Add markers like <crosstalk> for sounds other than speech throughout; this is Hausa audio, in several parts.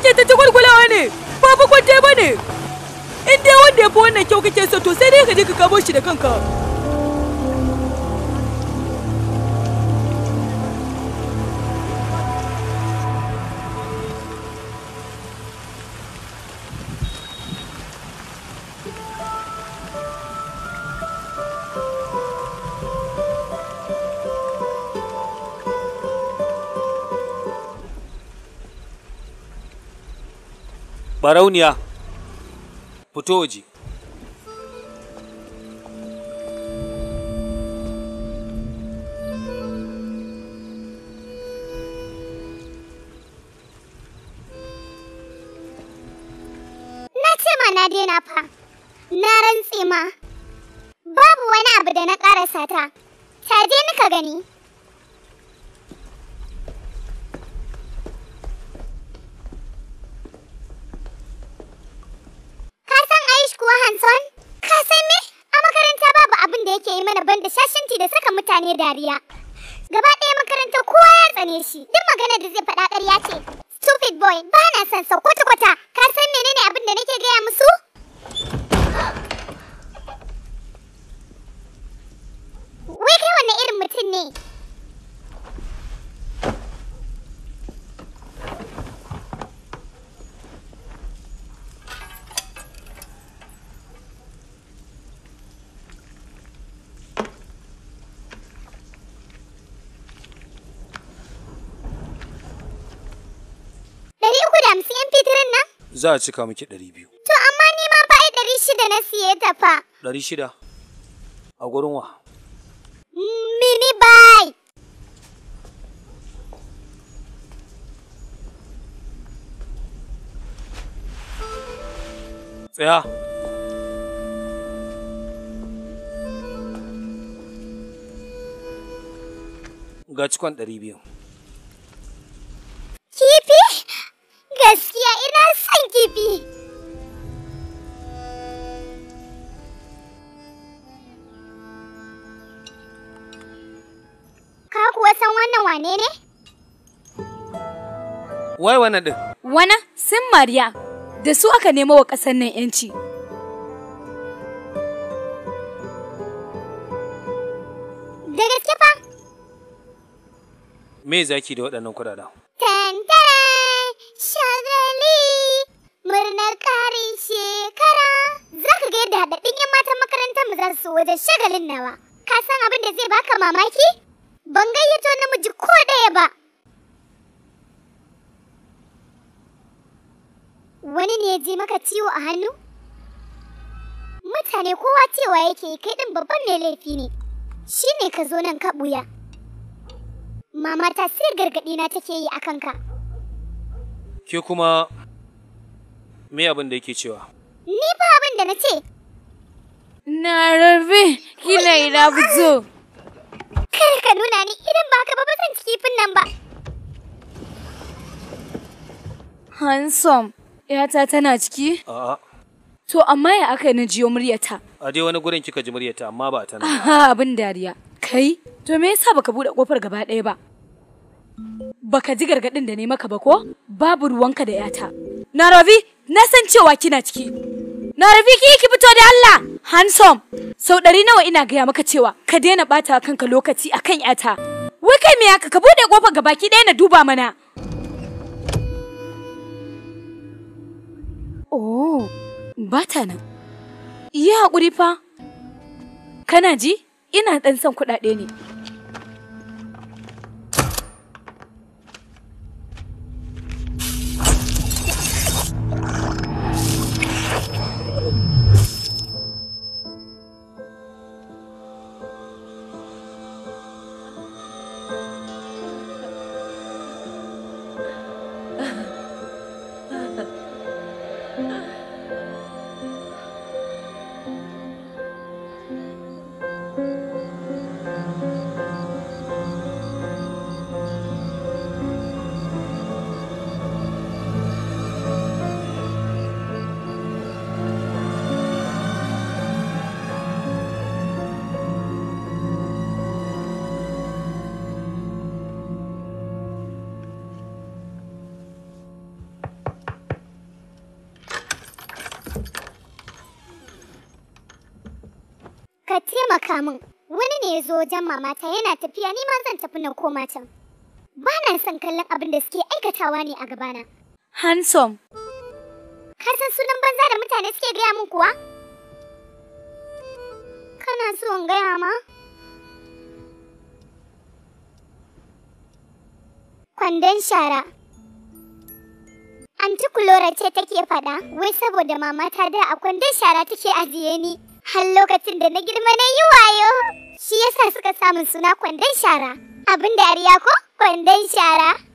kake ta tagulgulawa ne ba bakwante ba ne in dai wanda ya fi wannan kyau kake so to sai dai ka je ka kamo shi da kanka Barauniya, fito waje. za a cika miki ɗari biyu. To amma ni ma ɗari shida na siye ta fa. Ɗari shida? A gurin wa? Mini bai. Tsaya. Ga cikon ɗari biyu. creepy. Ka kuwa san wannan wane ne? Wai wane ɗin? Wana sin Mariya, da su aka nema wa ƙasar nan 'yanci. Da gaske fa? Me zaki da waɗannan kuɗaɗen? wajen shagalin nawa. Ka san abin da zai baka mamaki? Ban gayyato namiji ko daya ba. Wani ne ya je maka ciwo a hannu? Mutane kowa cewa yake kai ɗin babban mai laifi ne. Shi ne ka zo nan ka ɓuya. Mama sai gargaɗi na take yi a kanka. Ke kuma me abin da yake cewa? Ni ba abin da na ce, Na kina ina fito. Kar ka nuna ni idan ba ka ba ba zan kifin nan ba. hansom. yata tana ciki? A'a. To amma ya aka ni jiyo muryata? A dai wani gurin kika ji muryata amma ba ta nan. Aha, abin dariya. Kai, to me yasa baka bude kofar gaba ɗaya ba? Baka ji gargadin da ne maka ba ko? Babu ruwanka da yata. Na na san cewa kina ciki. Na Rafiki ki fito da Allah. Handsome, sau ɗari nawa ina gaya maka cewa ka daina ɓata kanka lokaci akan yata. Wai kai me yaka ka buɗe kofar ga baki ɗaya na duba mana. Oh, ba nan. Yi hakuri fa. Kana ji? Ina ɗan son kuɗaɗe ne. afka min wani ne ya zo wajen mamata yana tafiya ni ma zan tafi na koma can ba na son kallon abin da suke aikatawa ne a gabana handsome ka san sunan banza da mutane suke gaya min kuwa kana so in gaya ma kwandon shara Anti Kulora ce take faɗa, wai saboda mama ta da a kwandon shara take ajiye ni. har lokacin da na girma na yi wayo. Shi yasa suka samun suna kwandon shara. Abin dariya ko kwandon shara.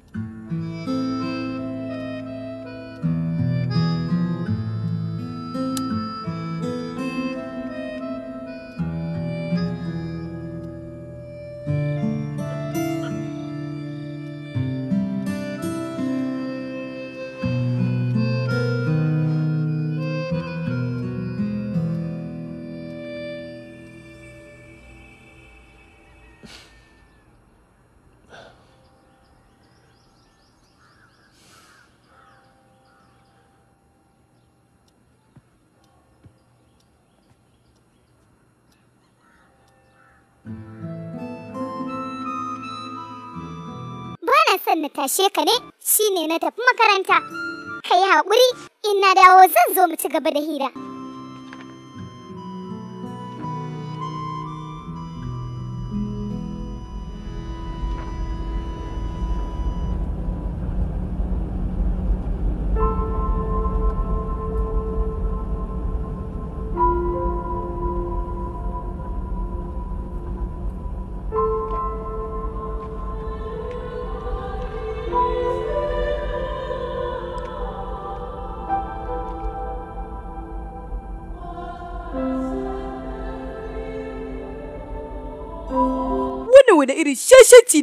tashe ka ne shine na tafi makaranta. Kai haƙuri in na dawo zan zo mu ci gaba da hira.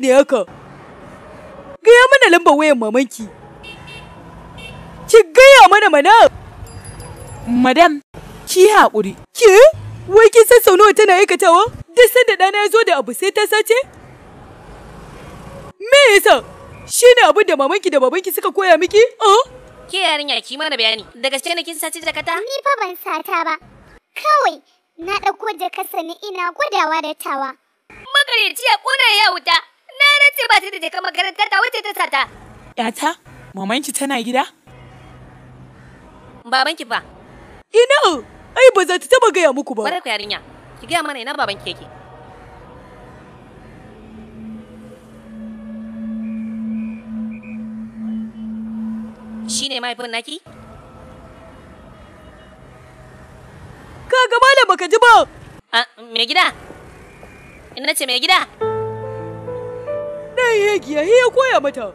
ne haka? Gaya mana lambar wayan mamanki. Ki gaya mana mana. Madam, ki haƙuri. Ke? Wai kin san sau nawa tana aikatawa? Duk sanda ɗana ya zo da abu sai ta sace? Me yasa? Shi ne abin da mamanki da babanki suka koya miki? Oh? Ke yarinya ki mana bayani. Da gaske ne kin sace jakata? Ni fa ban sata ba. Kawai na ɗauko jakarsa ne ina gwadawa da tawa. Magareci ya ƙona ya wuta. ce ba ta da jakar makarantar ta wuce ta sata. Yata, mamanki tana gida? Babanki ba. Ina, ai ba za ta taba gaya muku ba. Barar ku yarinya, ki gaya mana ina babanki yake. Shi ne mahaifin naki? Ka ga da baka ji ba. Ah, me gida? Ina ce me gida? shegiya ya koya mata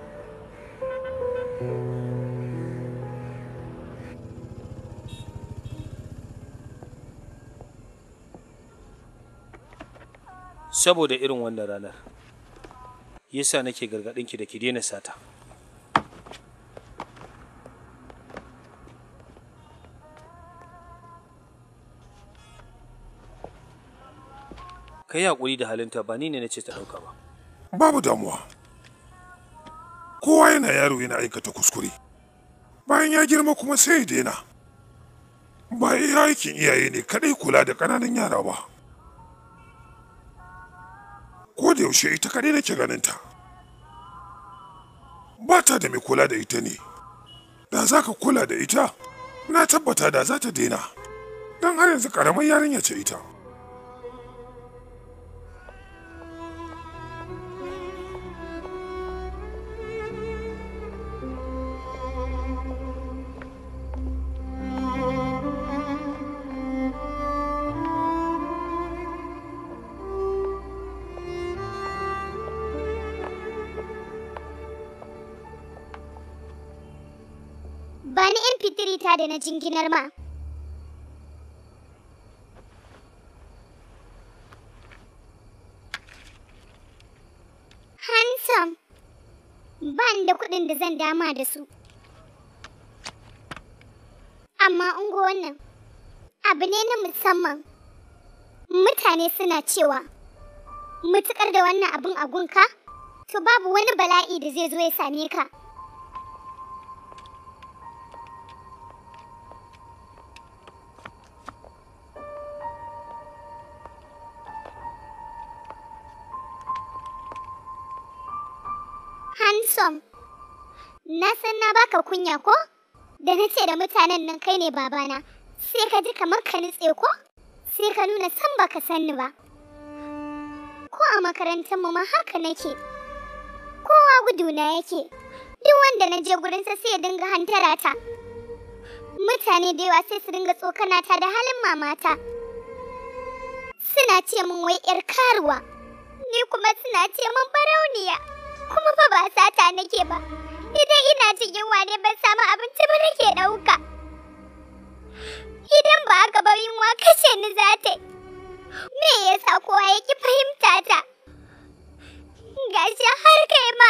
saboda irin wannan ranar yasa nake ki da ki daina sata kai hakuri da halinta ba ni ne na ce ta ɗauka ba babu damuwa kowa yana yaro yana aikata kuskure bayan ya girma kuma sai ya daina ba iya aikin iyaye ne kadai kula da ƙananan yara ba ko da yaushe ita kadai nake ganin ta ba ta da mai kula da ita ne da za ka kula da ita na tabbata da za ta daina don har yanzu ƙaramar yarinya ce ita ma da na jinginar ma handsome ban da kuɗin da zan dama da su amma ungo wannan abu ne na musamman mutane suna cewa mutukar da wannan abin a gunka to babu wani bala'i da zai zo ya same ka Na san na baka kunya ko? Da na ce da mutanen nan kai ne babana, sai ka ji kamar ka nutse ko? Sai ka nuna san baka sanni ba. Ko a makarantar mu ma haka nake. Kowa guduna yake. Duk wanda na je gurinsa sai ya dinga hantara ta. Mutane da yawa sai su dinga tsokana ta da halin mamata. Suna ce min wai 'yar karuwa. Ni kuma suna ce min barauniya. Kuma fa ba sata nake ba. Idan ina cikin wani ban samu abinci ba nake ɗauka. Idan ba haka ba yunwa kashe ni za ta yi. Me yasa kowa yake fahimta ta? Gashi har kai ma.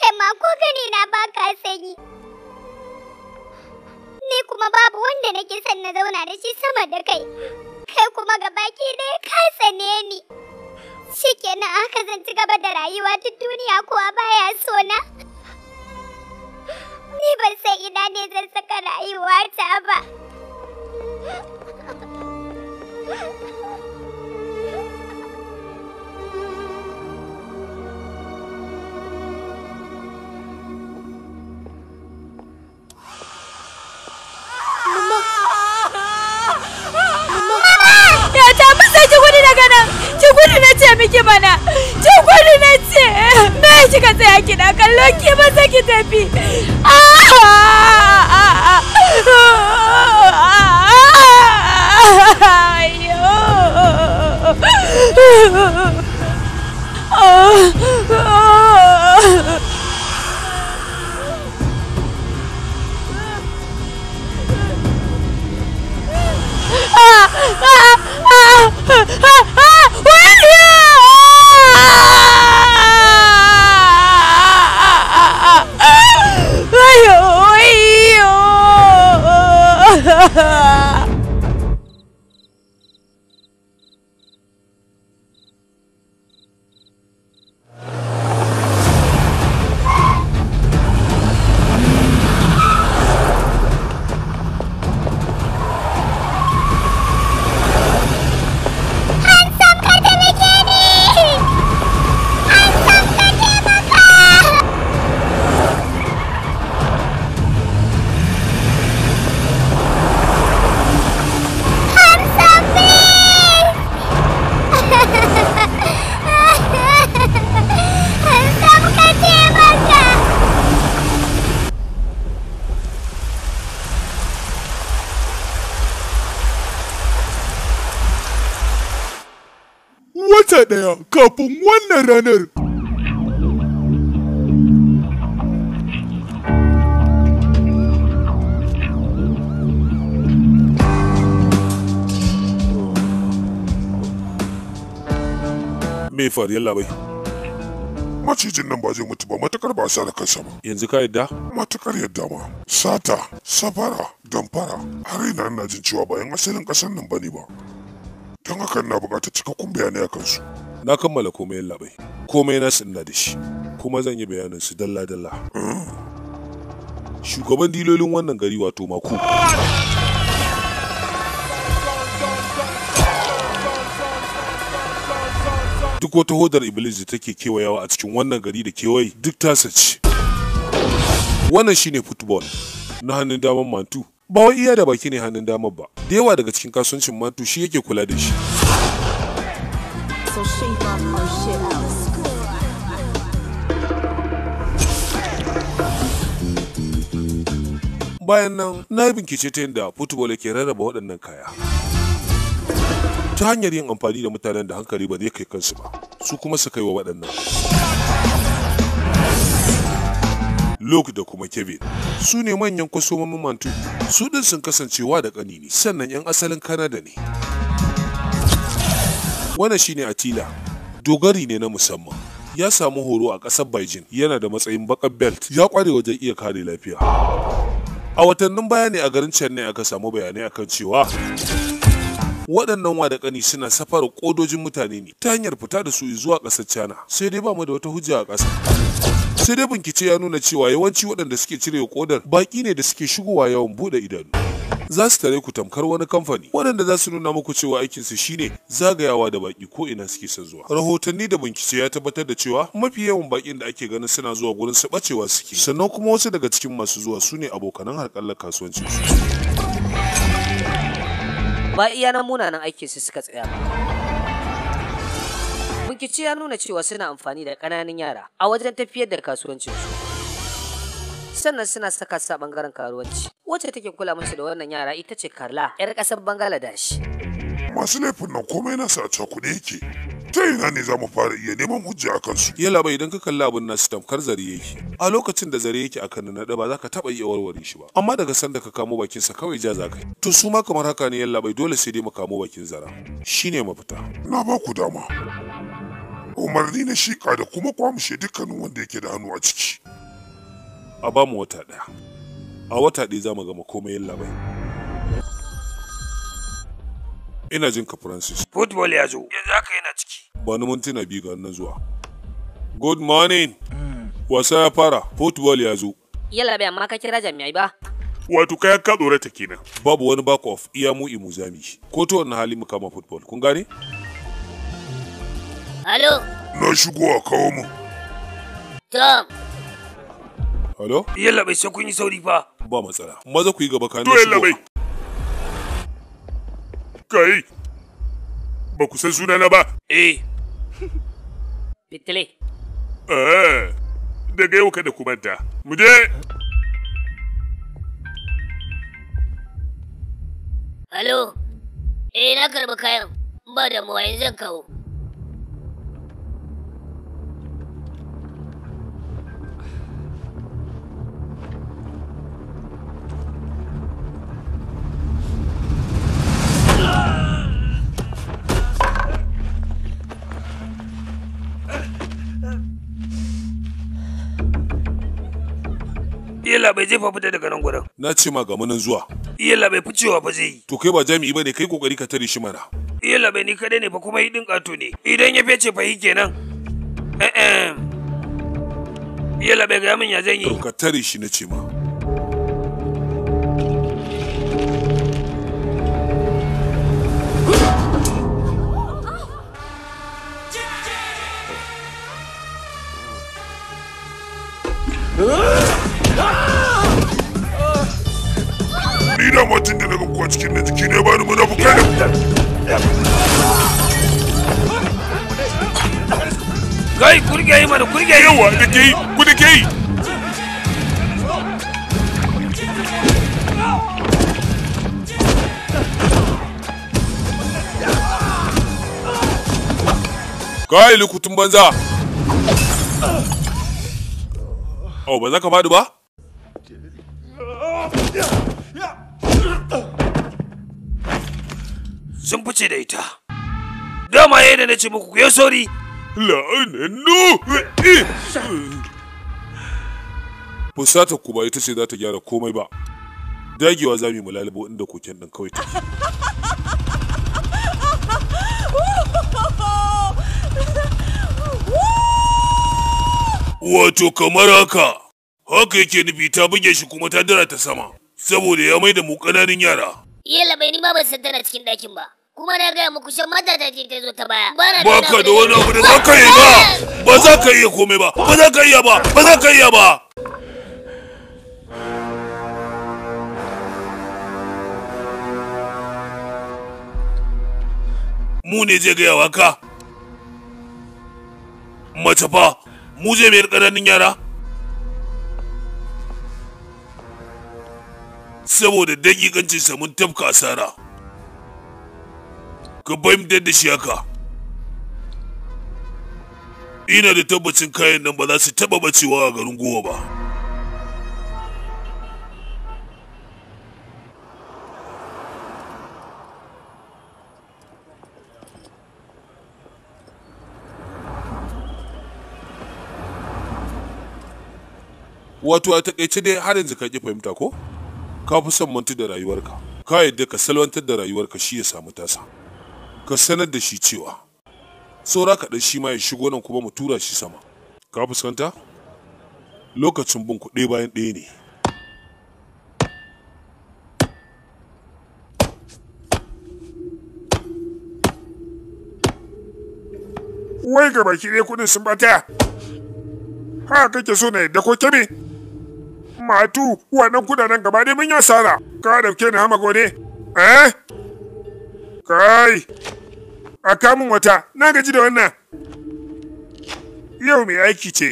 Kai ma ko gani na ba ka sanyi. Ni kuma babu wanda nake son na zauna da shi sama da kai. Kai kuma gabaki ɗaya ka sane ni. Shikenan haka zan ci gaba da rayuwa ta duniya kuwa baya so na. Ni ban san ina ne zan saka ta ba. Mama! Mama! Ya ta musa ji gudu daga nan! gudu na ce miki mana ki gudu na ce me kika tsaya kina kallo ki ba sai ki tafi Ah! Ah! Ah! Ah! Ah! 哎呦！哎呦！kafin wannan ranar. Me faru yalla bai? Macijin nan ba zai mutu ba matukar ba sa da kansa ba. Yanzu ka yadda? matukar yadda ma. Sata, safara, damfara, har ina ina jin cewa bayan asalin ƙasar nan bane ba. Don haka ina buƙatar cikakkun bayanai a kansu. na kammala komai labai komai na sinna da shi kuma zan yi bayanin su dalla dalla shugaban dilolin wannan gari wato mako. duk wata hodar iblis da take kewayawa a cikin wannan gari da kewaye duk ta sace. wannan shine football na hannun daman mantu ba wai iya da baki ne hannun damar ba da yawa daga cikin kasuwancin mantu shi yake kula da shi so she her shit out. Bayan nan, na yi bincike ta yadda football ke rarraba waɗannan kaya. Ta hanyar yin amfani da mutanen da hankali ba zai kai kansu ba, su kuma su kai wa waɗannan. Luke da kuma Kevin su ne manyan kwasomomin mantu su ɗin sun kasancewa da ƙanini. sannan 'yan asalin Kanada ne. Wannan shine Atila. Dogari ne na musamman. Ya samu horo a ƙasar Beijing yana da matsayin bakar belt ya kware wajen iya kare lafiya. A watannin baya ne a garin Chennai aka samu bayanai akan cewa waɗannan ƙani suna safar kodojin mutane ne ta hanyar fita da su zuwa ƙasar China sai dai ba mu da wata hujja a ƙasa. sai dai bincike ya nuna cewa yawanci waɗanda suke cire kodar baƙi ne da suke shigowa yawan buɗe idanu. za su tare ku tamkar wani kamfani waɗanda za su nuna muku cewa aikin su shine zagayawa da baki ko ina suke son zuwa rahotanni da bincike ya tabbatar da cewa mafi yawan bakin da ake ganin suna zuwa gurin su bacewa suke sannan kuma wasu daga cikin masu zuwa su ne abokanan harkallar kasuwancin su ba iya nan munanan aikin su suka tsaya ba rikici ya nuna cewa suna amfani da ƙananan yara a wajen tafiyar da kasuwancin su sannan suna saka sa bangaren karuwanci wacce take kula musu da wannan yara ita ce Karla yar kasar bangaladesh masu laifin nan komai na sa kuɗi yake ta ina ne za mu fara iya neman hujja a kansu. Yala bai idan ka kalli abin nasu tamkar zare yake. A lokacin da zare yake akan na ba za ka taɓa iya warware shi ba. Amma daga sanda ka kamo bakinsa kawai ja za ka yi. To su ma kamar haka ne yala bai dole sai dai mu kamo bakin zara. shine mafita. Na ba ku dama. Umarni na shiƙa da kuma kwamishe dukkanin wanda yake da hannu a ciki. a ba mu wata ɗaya a wata ɗaya za mu gama komai yin labai ina jin ka francis football ya zo yanzu haka yana ciki ba ni mintuna biyu ga wannan zuwa good morning wasa ya fara football ya zo yalla bai amma ka kira jami'ai ba wato kayan ka ta kenan babu wani back off iya mu imu zami ko to wannan hali mu kama football kun gane Halo. Na shigo a kawo mu. Tom, Halo? Yalla bai sai kun yi sauri fa. Ba matsala. Maza ku yi gaba kan. To yalla bai. Kai. Ba ku san sunana ba. Eh. <laughs> Fitile. Eh. Daga yau kada ku manta. Mu je. Halo. Eh na karba kayan. Ba da mu yanzu zan kawo. yalla bai zai fa fita daga nan gurin na ce ma ga munin zuwa yalla bai ficewa ba zai yi to kai ba jami'i bane kai kokari ka tare shi mana yalla bai ni kadai ne fa kuma hidin kato ne idan ya fece fa hi kenan eh eh yalla bai ga min ya zan yi to ka tare shi na ce ma da mutum da daga kuwa cikin da jiki ne bani ni munafukai ne kai kurge yi mana kurge yi yawa da ke yi ku da ke yi kai lukutun banza oh ba za ka faɗi ba sun fice da ita dama yi da ce muku ku yi sori la'anannu fusatar ku ba ita ce za ta gyara komai ba dagewa za mu yi mu lalubo inda koken ɗin kawai ta Wato kamar haka, haka yake nufi ta buge shi kuma ta dara ta sama, saboda ya mai da mu ƙananan yara. Iya labai ni ma ban san tana cikin ɗakin ba. kuma na gaya muku shan mata ta ce ta zo ta baya. Ba ka da wani abu da za ka yi ba, ba za ka iya komai ba, ba za ka iya ba, ba za ka iya ba. Mu ne zai gaya wa ka? Mace fa, mu zai mayar ƙananan yara? Saboda dakikancinsa mun tafka asara. Ka fahimtar da shi haka. Ina da tabbacin kayan nan ba za su taba bacewa a garin gowa ba. Wato a taƙaice dai har yanzu ka ƙi fahimta ko? Ka fi son mantu da rayuwarka. Ka yadda ka salwantar da rayuwarka shi ya samu tasa. ka sanar da shi cewa saura kaɗan shi ma ya shigo nan kuma mu tura shi sama ka fuskanta lokacin bin kuɗe bayan ɗaya ne wai ga baki ɗaya kuɗin sun bata ha kake so na yadda ko kebe matu wannan kudaden gaba dai mun yi asara ka dauke ni hama gode eh Kai! A kamun wata, na gaji da wannan. Yau mai aiki ce.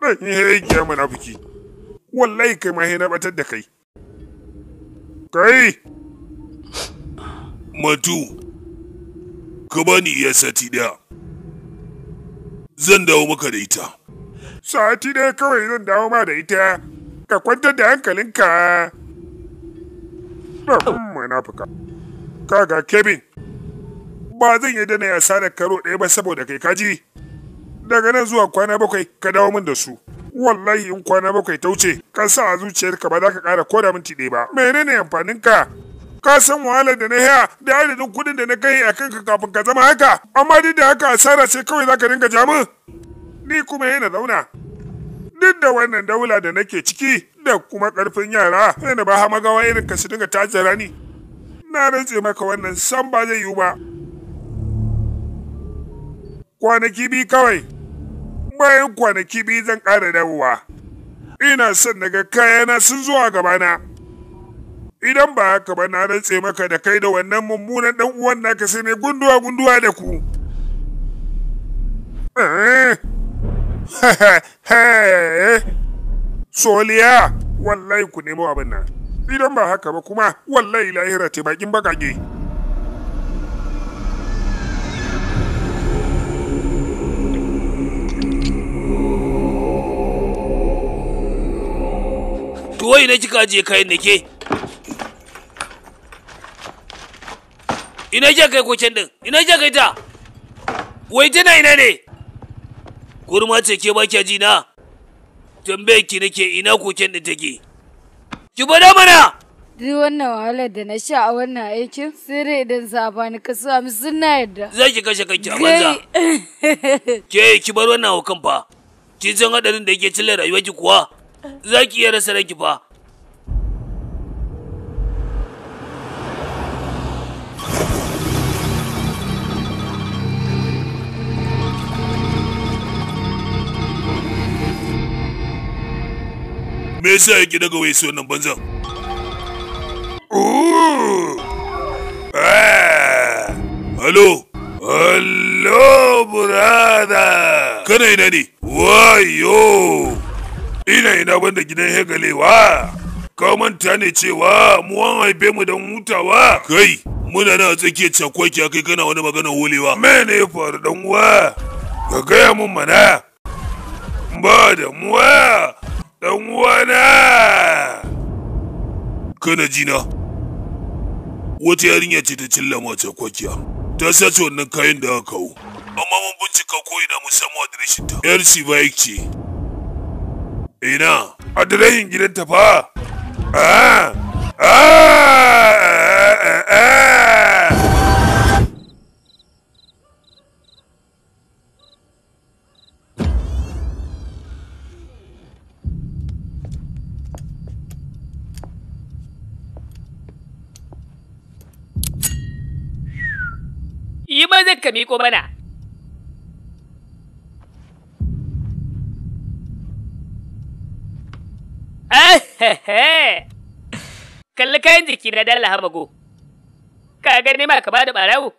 Ɗan yi aiki ya munafiki. Wallahi kai ma na batar da kai. Kai! Matu, ka bani iya sati ɗaya. Zan dawo maka da ita. Sati ɗaya kawai zan dawo ma da ita. Ka kwantar da hankalinka. Oh. Africa. kaga kevin ba zan yi dana ya sada karo ɗaya ba saboda kai kaji daga nan zuwa kwana bakwai ka dawo min da su wallahi in kwana bakwai ta wuce ka sa a zuciyarka ba za ka ƙara koda minti ɗaya ba menene amfanin ka ka san wahalar da na haya da adadin kuɗin da na kai a kanka kafin ka zama haka amma duk da haka asara ce kawai za ka dinga jamin ni kuma yana zauna duk da wannan daula da nake ciki da kuma ƙarfin yara yana ba gawa irin ka su dinga tace ni na rantse maka wannan san ba zai yiwu ba kwanaki bi kawai bayan kwanaki bi zan ƙara dawowa ina son naga kayana sun zuwa gabana idan ba haka ba na rantse maka da kai da wannan mummunan dan uwan naka sai ne gunduwa gunduwa da ku <laughs> soliya wallahi ku nemo abin nan idan ba haka ba kuma wallahi lahira ce bakin bakage. To wai na kika ajiye kayan da ke? Ina je kai kocen din? Ina je kai ta? Wai tana ina ne? Kurma ce ke baki ji na? Tambayar ki nake ina koken din take? Ki bada mana! Duk wannan wahalar da na sha a wannan aikin, sai dai idan za a bani kaso hamsin na yadda. Za ki kashe kanki a banza. <laughs> Ke ki bar wannan hukun fa. Kin san hadarin da yake cilla rayuwarki kuwa? Za ki iya rasa ranki fa. me yasa yake daga waye su wannan banzan ah. Hello? Hello, brother! Kana ina ne? Wayo! Ina ina banda gidan hegalewa! Ka manta ne cewa mu an haife mu don hutawa? Kai, muna na tsakiyar cakwaki kai kana wani magana holewa. Mene ya faru dan uwa? Ka gaya mun mana? Ba da muwa! ɗanuwana uwana kana jina wata yarinya ce ta cilla mace kwakiya ta sace wannan kayan da aka kawo amma mun bincika ko ina mun samu adireshin ta yar shi ce ina adireshin gidanta fa ah ah ah, ah! ah! zai ka miƙo mana. Kalli kayan jiki na dalla hamago. Ka gani ma ka bada barawo.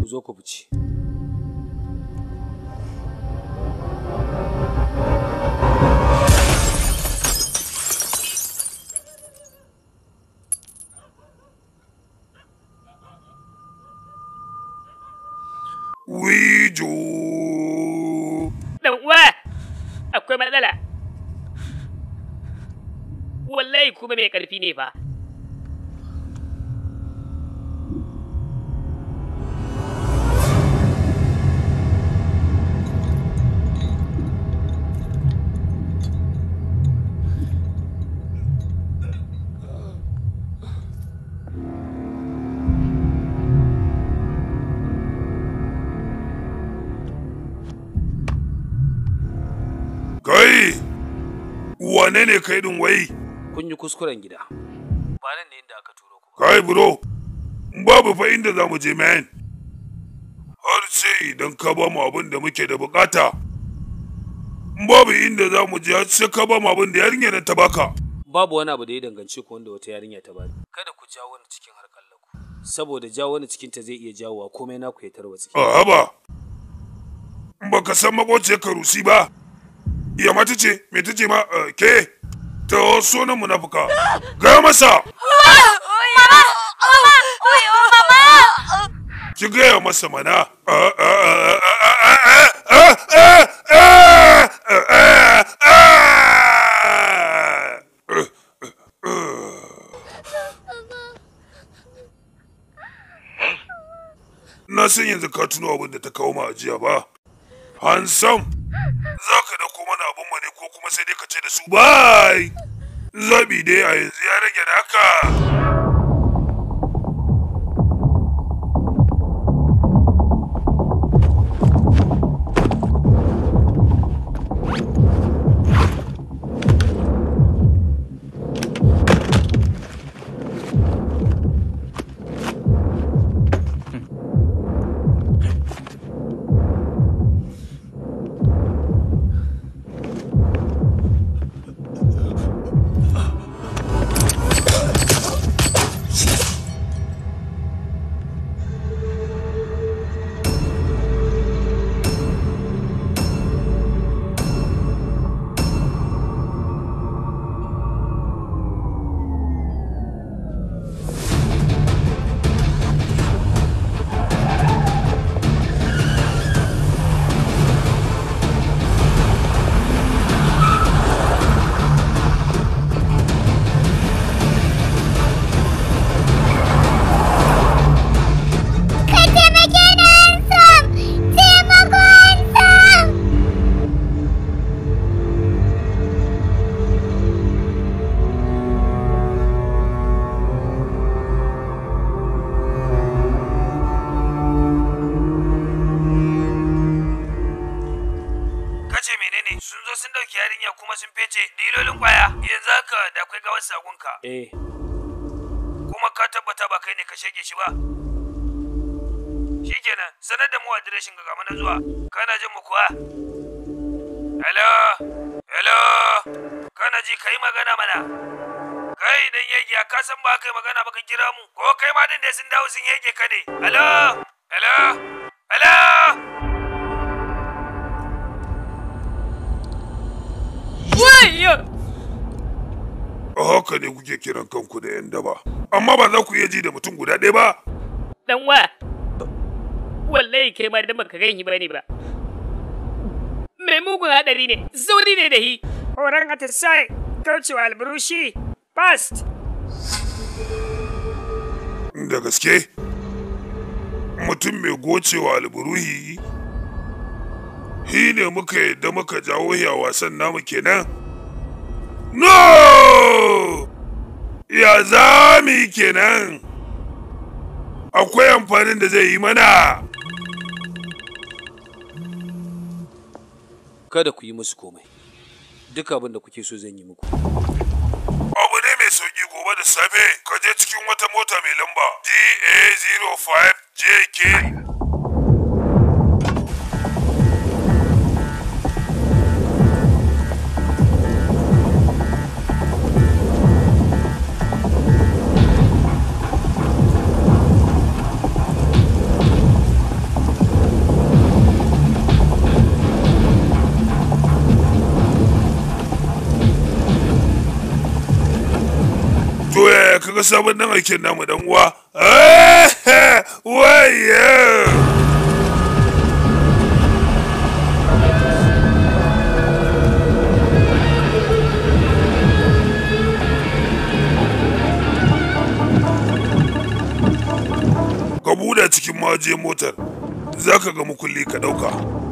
Ku zo ku fice. wijo. Dan uwa akwai matsala. Wallahi kuma mai ƙarfi ne fa. wane ne kai din wai? Kun yi kuskuren gida. Ba nan ne inda aka turo ku. Kai bro, babu fa inda za mu je man. Har sai idan ka ba mu abin da muke da bukata. Babu inda za mu je har sai ka ba mu abin da yarinya da ta baka. Babu wani abu da ya danganci ku wanda wata yarinya ta bani. Kada ku jawo wani cikin harkar laku. Saboda jawo wani cikin ta zai iya jawowa komai naku ya tarwatsi. A haba. Baka san ka rusi ba. ya mata ce me ta ce ma ke ta na munafuka ga masa ki gaya masa mana na san yanzu ka tuno abin da ta kawo ma ajiya ba hansam Bye! Let me a ka kira mu ko kai ma din da sun dawo sun yage ka ne alo alo alo wayyo haka ne kuke kiran kanku da yan daba amma ba za ku iya ji da mutum guda ɗaya ba dan wa wallahi kai ma da baka gani bane ba mai mugun hadari ne sauri ne da hi horon atisai kaucewa alburushi you da gaske mutum mai gocewa alburuhi Hi ne muka yadda muka jawo ya wasan namu kenan no ya za mu kenan akwai amfanin da zai yi mana kada ku yi musu komai duk abin da kuke so zan yi muku abu ne mai sauki gobe da safe je cikin wata mota mai lamba da 05 jk sabon nan aikin namu dan uwa eh, wayo buɗe cikin maje motar za ka ga mukulli ka ɗauka.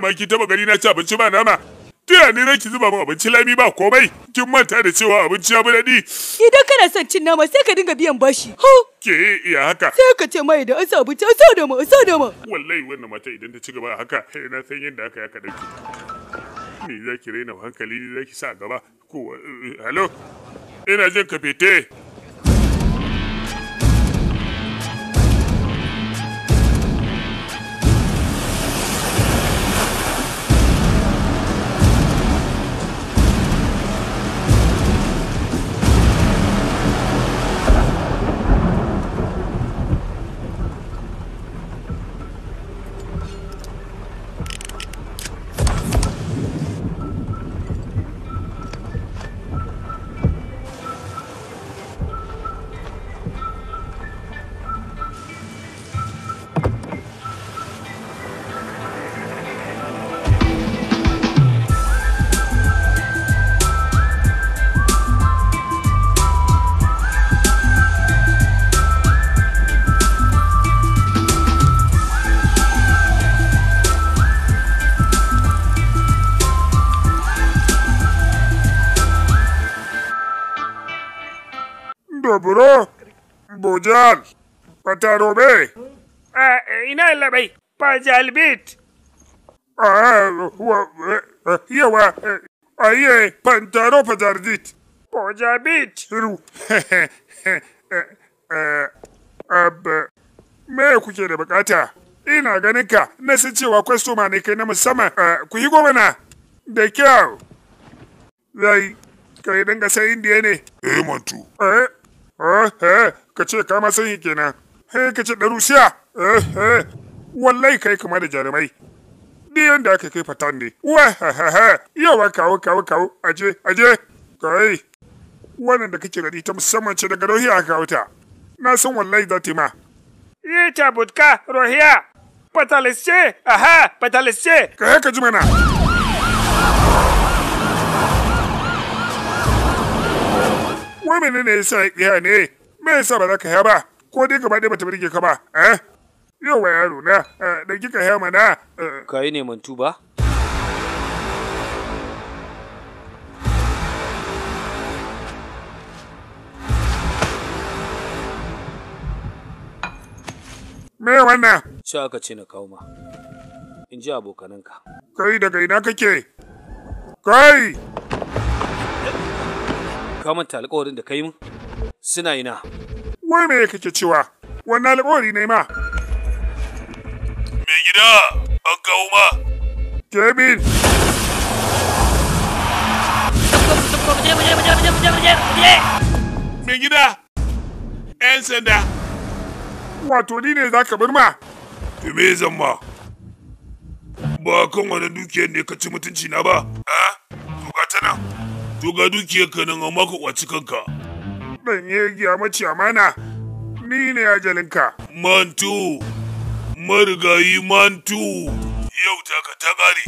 dama ki taba gari na ci abinci ba nama tuya ne nake zuba mu abinci lami ba komai kin manta da cewa abinci ya ni. idan kana son cin nama sai ka dinga biyan bashi ho ke iya haka sai ka ce mai da an sa abinci an sa da mu an sa da mu wallahi wannan mata idan ta ci gaba haka na san yadda aka yaka dauke me zaki raina hankali zaki sa gaba ko eh, eh, hello. ina jin kafete رجال فتانو بي آه إنا إلا بي باجا البيت آه هو يوا أيه بانتانو بدرديت باجا bit. رو ab me kuke da bukata ina ganin ka na san cewa kwastoma ne kai na musamman ah, ku yi gwamna da kyau zai kai dinga sai indiya ne eh mantu eh eh, eh. ka ce ka ma sani kenan he ka ce darusiya eh eh wallahi kai kama da jarumai duk yanda aka kai fatan ne wa ha ha ha yawa kawo kawo kawo aje aje kai wannan da kake radi ta musamman ce daga rohiya aka kawo ta na san wallahi za ta yi ma ye ta budka rohiya patalisce aha patalisce kai ka ji mana wai menene yasa ya ne me yasa ba za ka haya ba ko dai gaba ɗaya ta birge ka ba eh yawa yaro na da eh, kika haya mana eh. kai ne mantu ba Me wannan? Sai aka ce na kawo ma. In ji abokananka. Kai daga ina kake? Kai! Ka manta alƙawarin da kai mun? suna ina. Wai me kake cewa? Wannan alƙawari ne ma. Mai gida, an kawo ma. Kevin. Mai gida, ‘yan sanda. Wato ni ne za ka birma? tume me zan ma? Ba kan wani dukiyar ne ka ci mutunci na ba, eh? Tuga tana. ta nan, dukiyar ka nan amma ka kwaci kanka. ɗanye giya mace amana, ni ne ajalinka. Mantu, marigayi mantu, yau taka ta ƙare.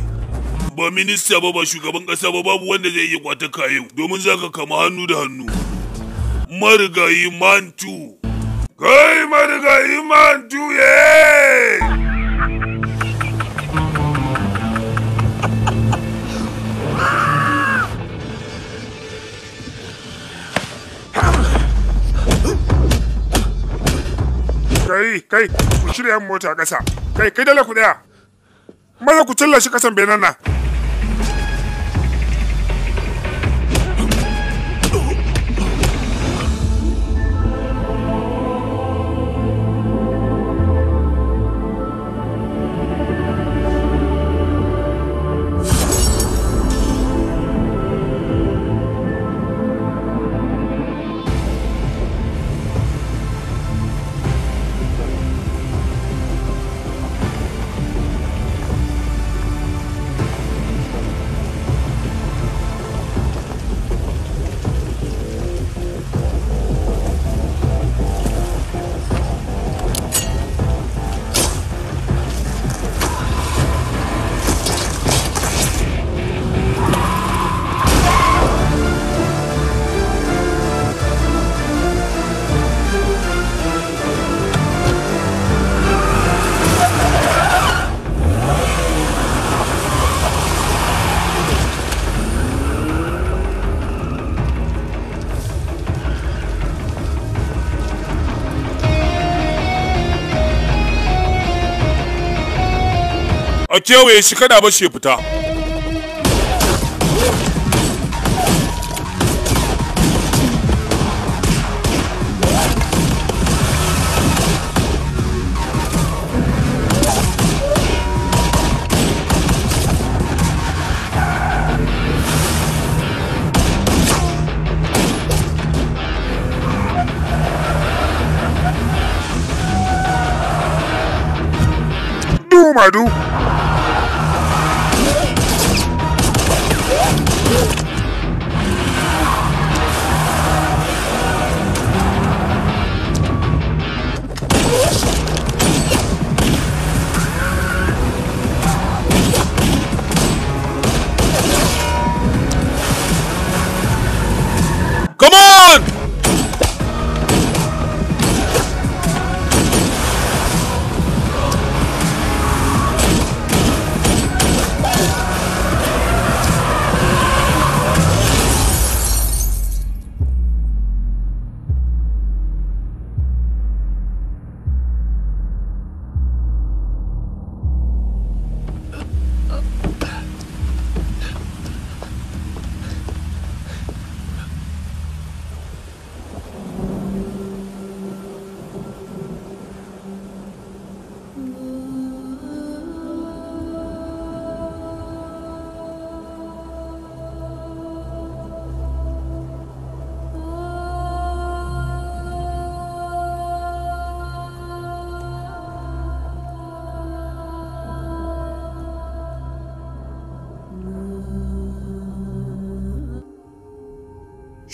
Ba minista ba ba shugaban ƙasa ba babu wanda zai iya kwata yau domin zaka kama hannu da hannu. Marigayi mantu. Kai marigayi mantu ye! kai kai ku shirya mota ƙasa kai kai dala ku daya maza ku cilla shi ƙasan benan nan kewaye shi kada ba shi fita Madu.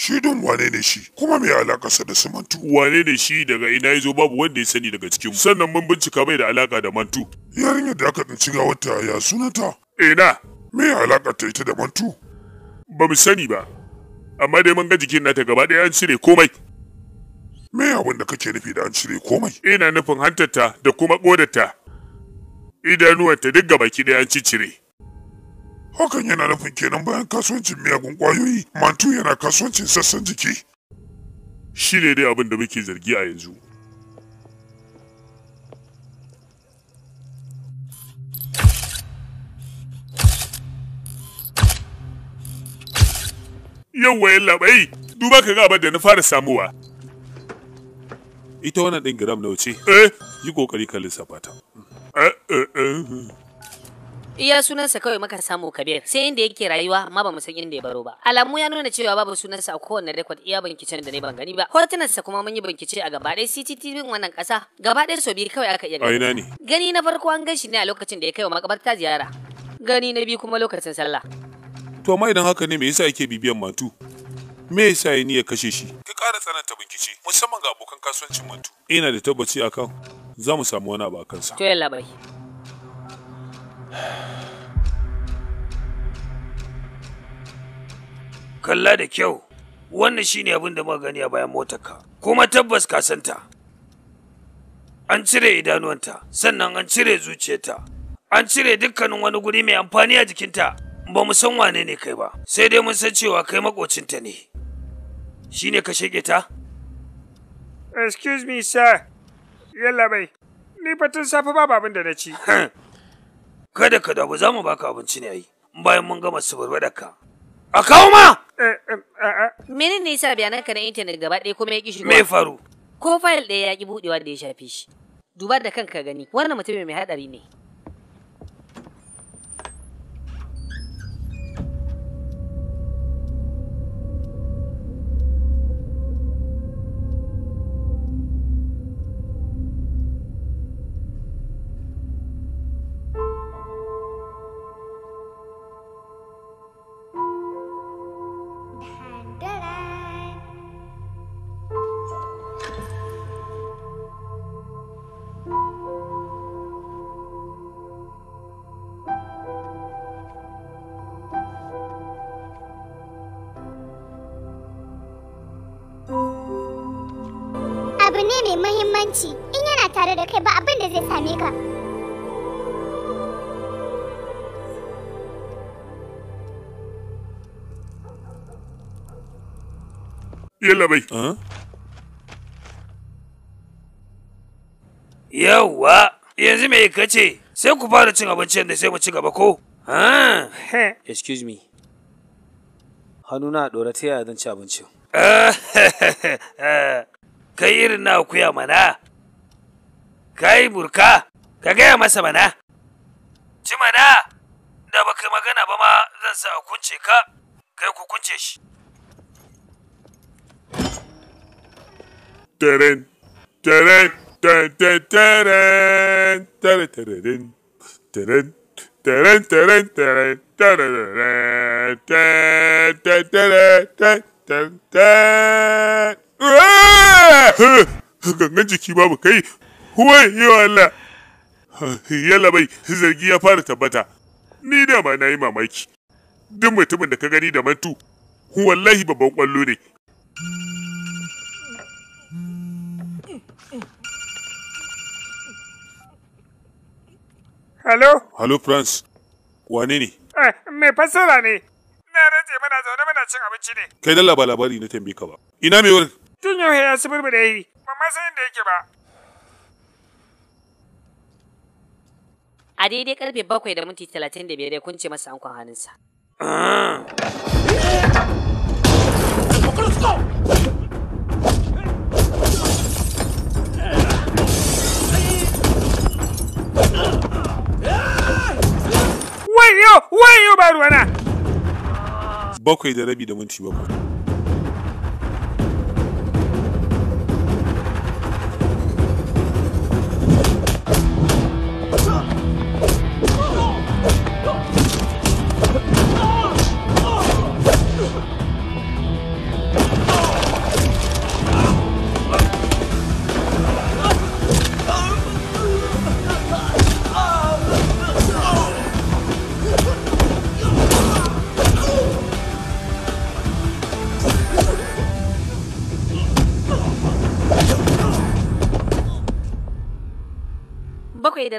Shi din wane ne shi? Kuma me sa da su mantu? Wane ne shi daga ina ya zo babu wanda ya sani daga cikin Sannan mun bincika bai da alaka da mantu. Yarinyar da aka ga gawarta ya sunanta? Ina. Eh, me alaka ta ita da mantu? Ba mu sani ba. Amma dai mun ga jikin nata gaba ɗaya an cire komai. Me abin da kake nufi da an cire komai? Ina nufin hantarta da kuma ƙodarta. Idanuwanta duk gaba ɗaya an cire Hakan yana nufin kenan bayan kasuwancin miyagun kwayoyi Mantu yana kasuwancin sassan jiki? Shi ne dai abin da muke zargi a yanzu. Yawwa yalla bai, duba ka ga abin da na fara samuwa. Ita wannan ɗin gram nawa ce? Eh, yi ƙoƙari ka lissafa ta. Eh, eh, eh. eh. Iya sunansa kawai muka samu Kabir sai inda yake rayuwa amma ba mu san inda ya baro ba. Alamu ya nuna cewa babu sunansa a kowanne rekod iya bankicen da ne ban gani ba. Hotunansa kuma mun yi bankice a gaba ɗaya CCTV wannan ƙasa gaba ɗaya so biyu kawai aka iya gani. Aina ne. Gani na farko an gan shi ne a lokacin da ya kai wa makabarta ziyara. Gani na biyu kuma lokacin sallah. To amma idan haka ne me yasa yake bibiyan matu? Me yasa ya niyya kashe shi? Ka ƙara tsananta bincike musamman ga abokan kasuwancin matu. Ina da tabbaci akan za mu samu wani abu a kansa. To yalla bai. Kalla da kyau, wannan shi ne abin da muka gani a bayan motarka, kuma tabbas ka santa. An cire idanuwanta, sannan an cire zuciyarta, an cire dukkanin wani guri mai amfani a jikinta, ba mu san wane ne kai ba, sai dai mun san cewa kai makocinta ne. Shi ne ka shege ta? Excuse me, sir. Yalla bai, ni fatan safe babu abin da na ci. <laughs> Kada ka damu za mu baka abinci ne yayi Bayan mun gama su ka. A kawo ma! Mene ne yasa ka na intanet gaba ɗaya kuma ya ƙi shigo? Me faru? Ko fayil ɗaya ya ƙi buɗewa da ya shafi shi. Duba da kanka gani, wannan mutumin mai haɗari ne. mutunci in yana tare da kai ba abin da zai same ka yalla bai yawwa yanzu me kace sai ku fara cin abincin da sai mu ci gaba ko excuse me hannuna a ɗora ta yaya zan ci abincin ah, <laughs> kai irin na kuya mana Kai burka, ka gaya masa mana. Ci mana, da ba kai magana ba ma zan sa kunce ka, kai ku kunce shi. gangan jiki babu kai Wai yi Allah. Yalla bai zargi ya fara tabbata. Ni da ma na yi mamaki. Duk mutumin da ka gani da mantu, wallahi babban kwallo ne. Hello? Hello, France. Wane ne? Eh, mai fassara ne. Na rage mana zaune mana cin abinci ne. Kai dalla ba labari na tambaye ka ba. Ina mai wurin? Tun yau ya suburbu da yi. Ba ma san inda yake ba. a daidai karfe bakwai da minti talatin da biyar ya kunce masa ankon hannunsa. Wayo, wayo ba ruwana! Bakwai da rabi da minti bakwai.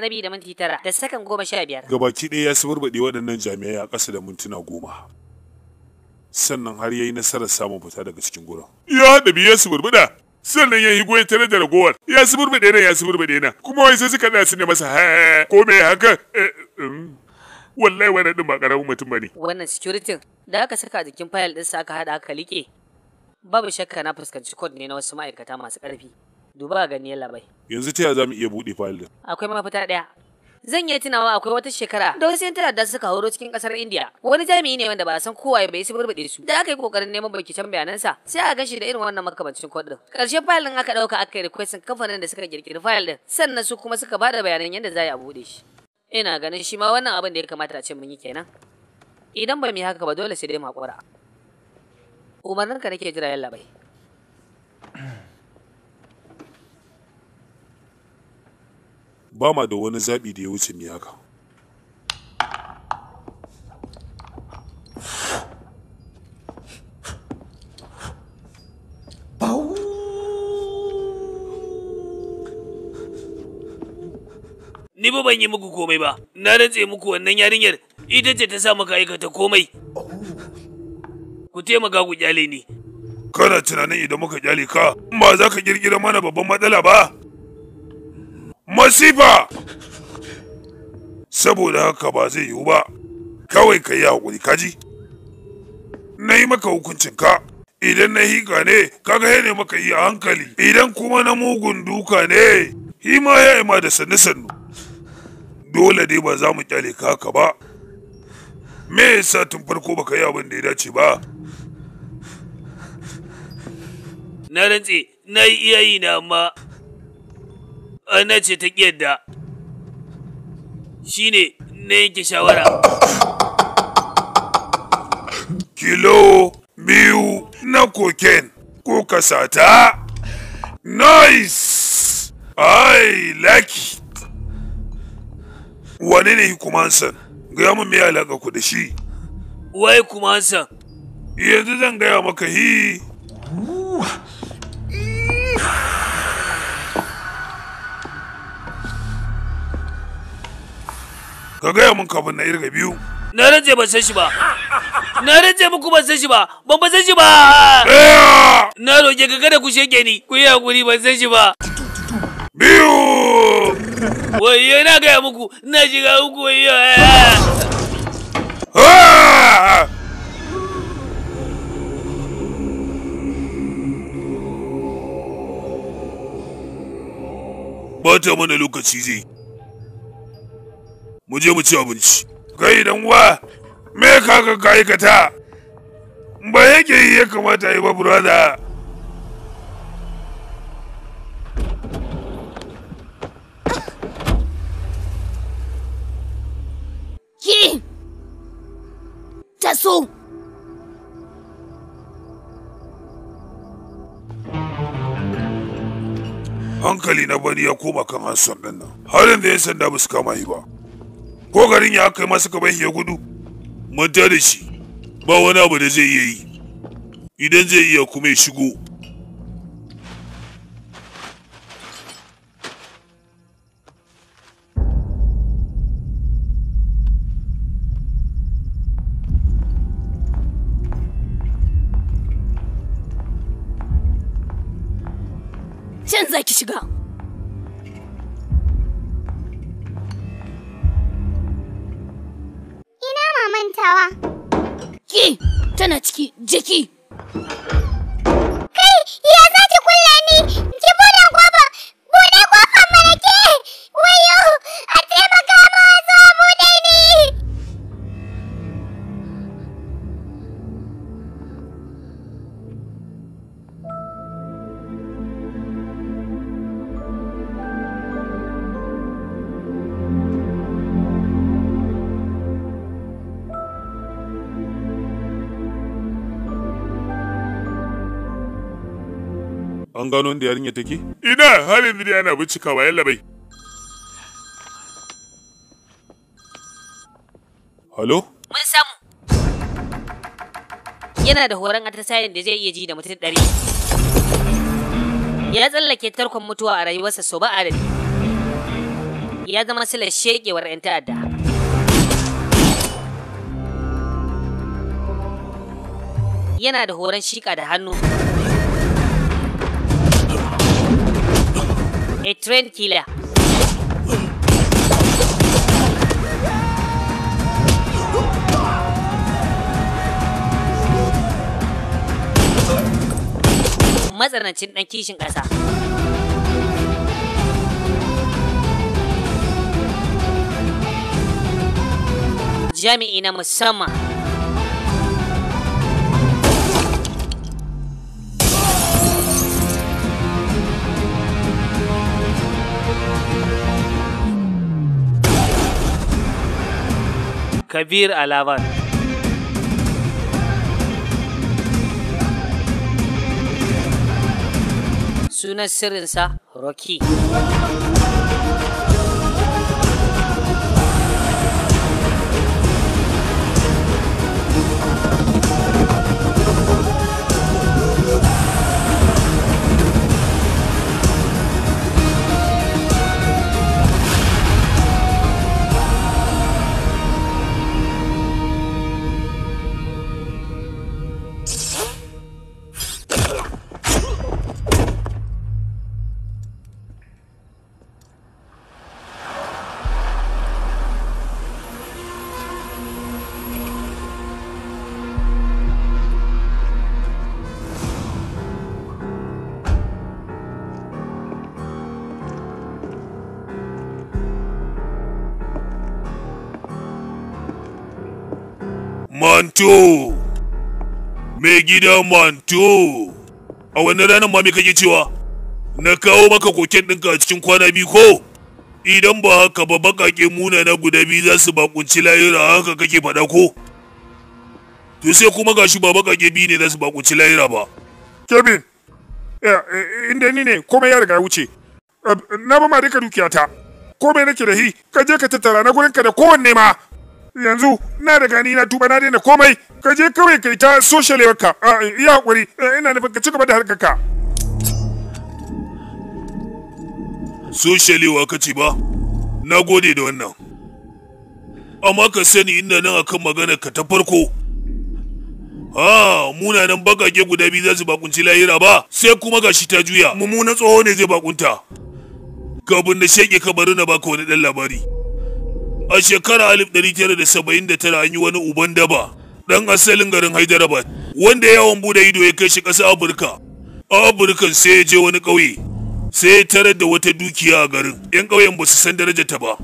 da rabi da minti tara da sakan goma sha biyar. Gabaki ɗaya ya suburbaɗe waɗannan jami'ai a ƙasa da mintuna goma. Sannan har ya yi nasarar samun fita daga cikin gurin. Ya haɗa biyu ya suburbuɗa. sannan ya yi goyi tare da ragowar ya suburbaɗe nan ya suburbaɗe nan kuma wai sai suka su ne masa ha ko me haka eh, wallahi wani ɗin ba ƙaramin mutum ba ne. wannan security da aka saka jikin fayil ɗin sa aka haɗa aka liƙe babu shakka na fuskanci code ne na wasu ma'aikata masu ƙarfi duba gani yalla bai yanzu ta za mu iya buɗe fayil din akwai mafita ɗaya zan iya tunawa akwai wata shekara da wasu yan da suka horo cikin kasar India wani jami'i ne wanda ba san kowa ya bai su burbade su da aka yi kokarin neman bayanan bayanansa sai a gashi da irin wannan makamancin kwadrin. din karshe fayil din aka dauka aka yi requestin kamfanin da suka kirkiri fayil din sannan su kuma suka bada bayanan yadda za a bude shi ina ganin shi ma wannan abin da ya kamata a ce mun yi kenan idan ba mu yi haka ba dole sai dai mu hakura umarninka nake jira yalla bai ba ma da wani zaɓi da ya wuce mu haka Ni ba ban yi muku komai ba, na rantse muku wannan yarinyar ita ce ta sa maka aikata komai. Ku taimaka ku kyale ni. Kana tunanin idan muka kyale ka, ba za ka girgira mana babban matsala ba. masifa saboda haka ba zai yiwu ba kawai ka yi haƙuri kaji na yi maka ka. idan na hika ne kaga ya ne maka yi a hankali idan kuma na mugun duka ne yi ma ya ma da sannu-sannu dole dai ba za mu kyale ka haka ba me yasa tun farko baka yi abin da ya dace ba na rantse na yi iyayi na amma Eh, na ce ta yadda shi ne na yanke shawara. Kilo biyu na koken ko kasata? Nice! I like it! wani ne Hikumansan? Gaya min me alaƙa ku da shi. Wai Kumansan? Yanzu zan gaya maka hi. Ka gaya mun kafin na irga biyu. Na rage ba san shi ba. Na rage muku ba san shi ba. Ban ba san shi ba. Na roƙe ka kada ku shege ni. Ku yi hakuri ban san shi ba. Biyu. Wai na gaya muku na shiga uku wai. Bata mana lokaci zai. mu je mu ci abinci kai dan uwa me ka ga kai ka ta ba yake yi ya kamata yi ba brother Ki! Taso! hankali na bani ya koma kan sandan nan harin har ya sanda ba su kama yi ba ko garin ya kai masa ka bai ya gudu manta da shi ba wani abu da zai iya yi idan zai iya kuma ya shigo gano inda yarinya take? Ina har yanzu dai ana bincikawa yalla bai. Halo? Mun samu. Yana da horon atisayen da zai iya ji da mutum ɗari. Ya tsallake tarkon mutuwa a rayuwarsa so ba adadi. Ya zama silar shekewar 'yan ta'adda. Yana da horon shiƙa da hannu. a train killer. Matsanancin ɗan kishin ƙasa. Jami'i na musamman. Kabir Alavan. Sunan sirrinsa Rocky. manto mai gida manto a wannan ranar ma me kake cewa na kawo maka koken ɗinka a cikin kwana biyu ko idan ba haka ba baƙaƙe muna na guda biyu za su bakunci layira haka kake faɗa ko to sai kuma gashi ba baƙaƙe biyu ne za su bakunci layira ba kevin eh, eh, inda ni ne komai ya riga wuce eh, na ba ma duka dukiyata komai nake da hi ka je ka tattara na gurinka da kowanne ma yanzu na riga ni na tuba na daina komai ka je kawai kai ta social ka ah, eh, iya hakuri eh, ina nufin ka ci gaba da harkar ka social ka ce ba na gode da wannan amma ka sani inda nan akan magana ka ta farko Ah, munanan bagage guda biyu za su bakunci lahira ba, sai kuma gashi ta juya, mummunan tsoho ne zai bakunta. Kabin da shege kabarin na baka wani ɗan labari. a shekara 1979 an yi wani uban daba dan asalin garin Hyderabad wanda yawon bude ido ya kai shi ƙasa Afirka. A Afirka sai ya je wani ƙauye sai ya tarar da wata dukiya a garin. 'Yan ƙauyen ba su san ta ba.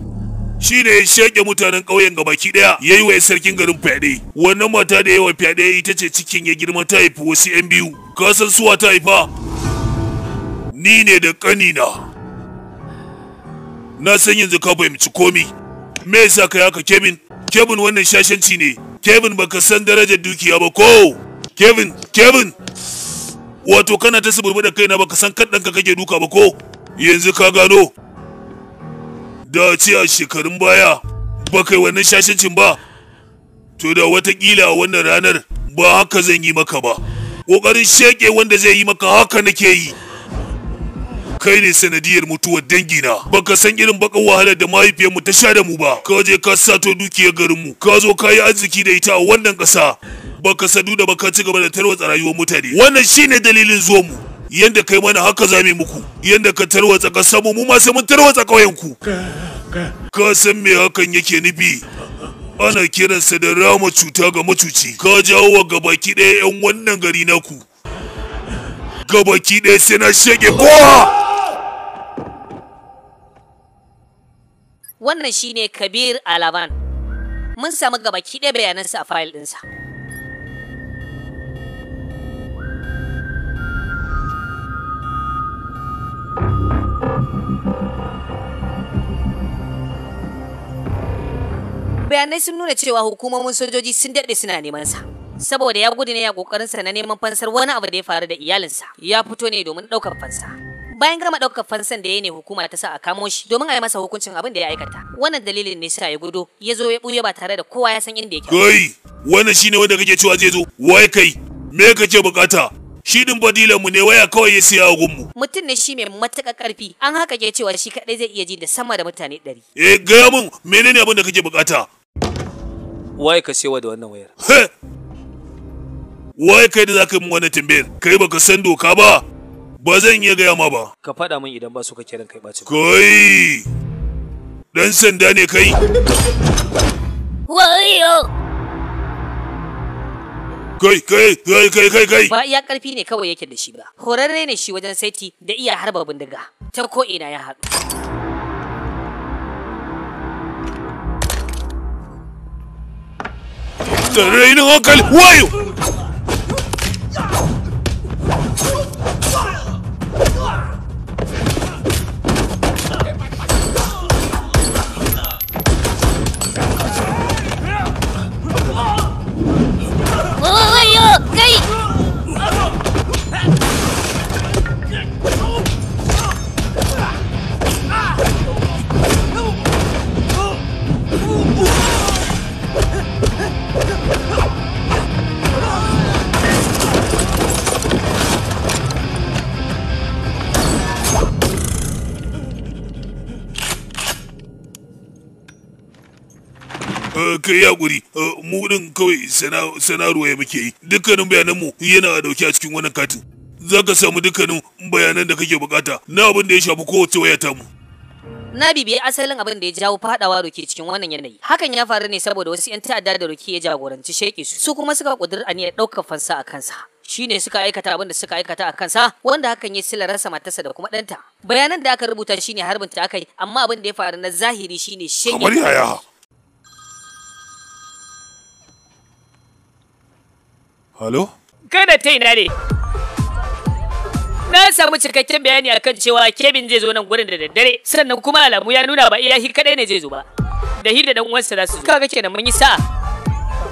Shi ne ya shaƙe mutanen ƙauyen ga baki ɗaya ya yi wa sarkin garin fyaɗe. Wannan mata da yawa fyaɗe ita ce cikin ya girma ta haifi wasu 'yan biyu. Ka san suwa ta haifa? Ni ne da ƙanina. Na san yanzu ka fahimci komi. me yasa kai haka kevin kevin wannan shashanci ne kevin baka san darajar dukiya ba ko kevin kevin wato kana ta suburbu da kaina baka san kan ɗanka kake duka ba ko yanzu ka gano da ce a shekarun baya ba kai wannan shashancin ba to da watakila a wannan ranar ba haka zan yi maka ba ƙoƙarin sheƙe wanda zai yi maka haka nake yi kai ne sanadiyar mutuwar dangi dangina baka san irin bakan wahalar da mahaifiyarmu ta sha da mu ba ka je ka sato dukiyar garinmu ka zo ka yi arziki da ita a wannan ƙasa baka sadu da baka ci gaba da tarwatsa rayuwar mutane wannan shine dalilin zuwan mu yanda kai mana haka za mu muku yanda ka tarwatsa ƙasar mu mu ma sai mun tarwatsa ƙauyenku ka san me hakan yake nufi ana kiransa da rama cuta ga macuci ka jawo wa gabaki ɗaya 'yan wannan gari naku gabaki ɗaya sai na shege kowa wannan shine kabir alaban mun samu gabaki ɗaya bayanansa a fayil ɗinsa bayanai sun nuna cewa hukumomin sojoji sun daɗe suna neman sa saboda ya gudu ne a sa na neman fansar wani abu da ya faru da iyalinsa ya fito ne domin ɗaukar fansa bayan gama ɗaukar fansan da ya ne hukuma ta sa a kamo shi domin a yi masa hukuncin abin da ya aikata wannan dalilin ne sa ya gudo ya zo ya buya ba tare da kowa ya san inda yake kai wannan shine wanda kake cewa zai zo wai kai me kake bukata shi din badilan mu ne waya kawai ya siya a gunmu mutum ne shi mai matuƙar karfi an haka ke cewa shi kadai zai iya ji da sama da mutane ɗari eh gaya mun menene abin da kake bukata wai ka sewa da wannan wayar wai kai da zaka yi mun wannan tambayar kai baka san doka ba ba zan iya gaya ma ba. Ka faɗa min idan ba su ka kiran kai ɓacin. Kai! Ɗan sanda ne kai! Wayo! Kai, kai, kai, kai, kai, kai! Ba iya ƙarfi ne kawai yake da shi ba. Horarre ne shi wajen saiti da iya harba bindiga. Ta ko ina ya haɗu. Tsarrai na hankali! Wayo! kai yi hakuri eh, mu din kawai sanarwa ya muke yi dukkanin bayanan yana dauke a cikin wannan katin za ka samu dukkanin bayanan da kake bukata na abin da ya shafi kowace waya ta mu na bibiye asalin abin da ya jawo fadawa roke cikin wannan yanayi hakan ya faru ne saboda wasu 'yan ta'adda da roke ya jagoranci sheke su su kuma suka kudur aniyar daukar fansa a kansa shine suka aikata abin da suka aikata a kansa wanda hakan ya sila rasa matarsa da kuma danta bayanan da aka rubuta shine harbin ta akai amma abin da ya faru na zahiri shine shege kamar yaya Halo? Kada ta ina ne. Na samu cikakken bayani akan cewa Kevin zai zo nan gurin da daddare, sannan kuma alamu ya nuna ba iyahi kadai ne zai zo ba. Da hi da dan uwansa za su zo. Kaga kenan mun yi sa.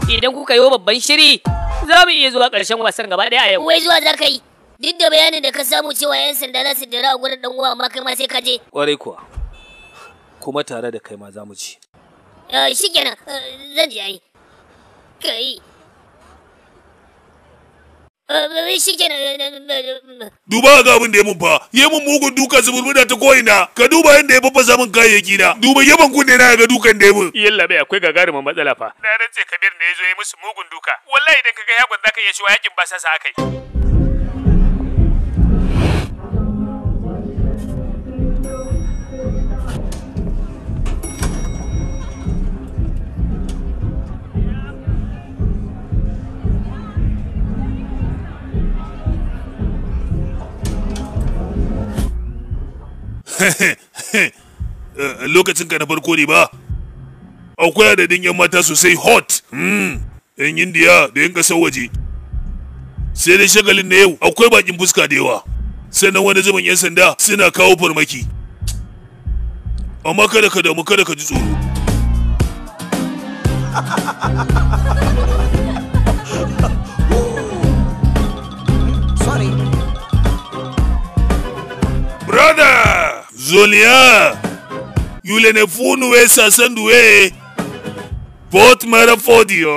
Idan kuka yi babban shiri, za mu iya zuwa ƙarshen wasan gaba ɗaya a yau. Wai zuwa za ka yi. Duk da bayanin da ka samu cewa 'yan sanda za su dira a gurin dan uwa amma kai ma sai ka je. Ƙwarai kuwa. Kuma tare da kai ma za mu ci. Eh, shi kenan, eh, zan je ai. Kai. Duba ga abin da ya mun fa, ya mun mugun duka da ta ko'ina, ka duba yadda ya faffasa min kayayyaki na, duba yaban kunne na ga dukan da ya mun. Yalla bai akwai gagarumin matsala fa. Na rantse Kabir ne ya zo ya musu mugun duka, wallahi idan ka ga yakon zaka iya wa yakin ba sa sa akai. <laughs> lokacin ka na farko ne ba akwai adadin yan mata sosai hot hmm. yan indiya da yan kasar waje sai dai shagalin na yau akwai bakin fuska da yawa sannan wani zaman yan sanda suna kawo farmaki amma kada ka damu kada ka ji tsoro <laughs> Brother! zolia yulene funu we sasandu we bot mara fodio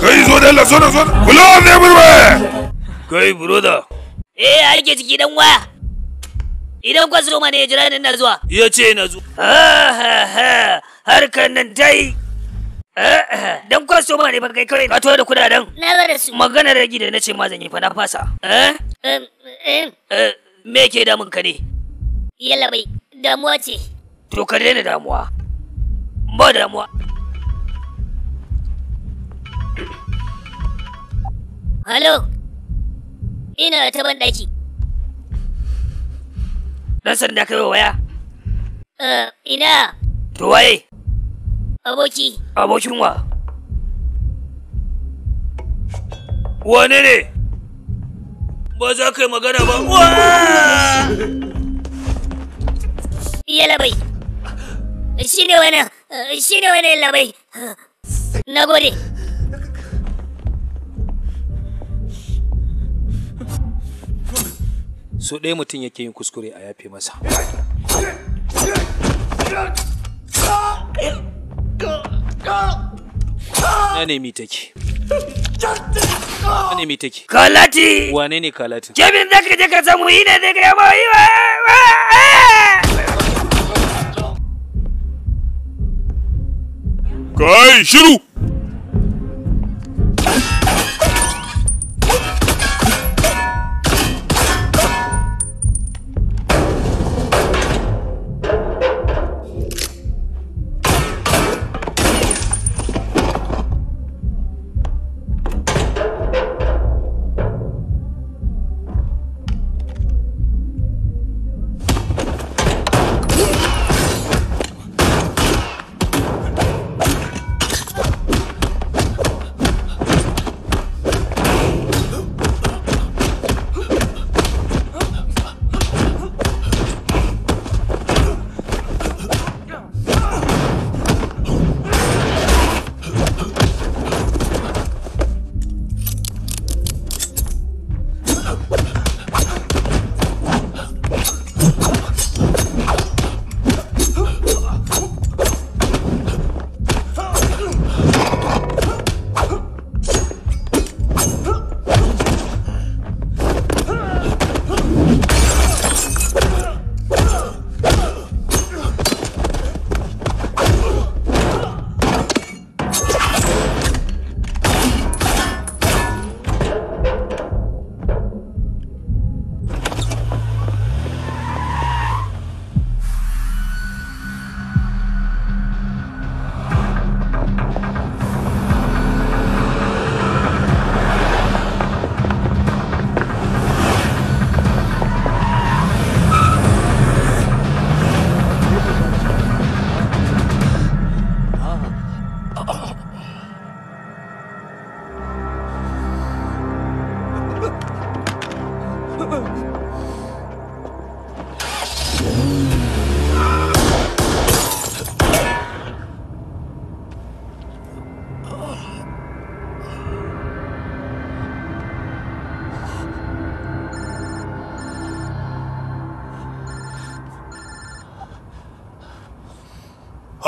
kai zo da Allah zo da zo kula ne burbe kai broda eh har ke ciki dan wa. idan kwasro ne ya jira ni na zuwa ya ce na ah, ha ha ha har nan ta Eh, dan kwastoma ne ba kai kawai ka tura da kudaden. Na zara su. Magana da gida na ce ma zan yi fa na fasa. Eh? eh? Me ke damun ka ne? Yalla bai damuwa ce. To ka daina damuwa. Ba damuwa. Halo. Ina ta ban daki. Dan sanda kai waya? Eh, ina. To waye? Aboki. Abokin wa? Wane ne? Ba za ka yi magana ba. Iya labai. Shi ne wani, shi ne wane labai. Na gode. So ɗaya mutum yake yin kuskure a yafe masa. Na nemi take. Na nemi take. Kalati! Wane ne Kalati? Kevin za ka je ka samu yi ne zai ka yaba yi ba. Eh! Kai shiru!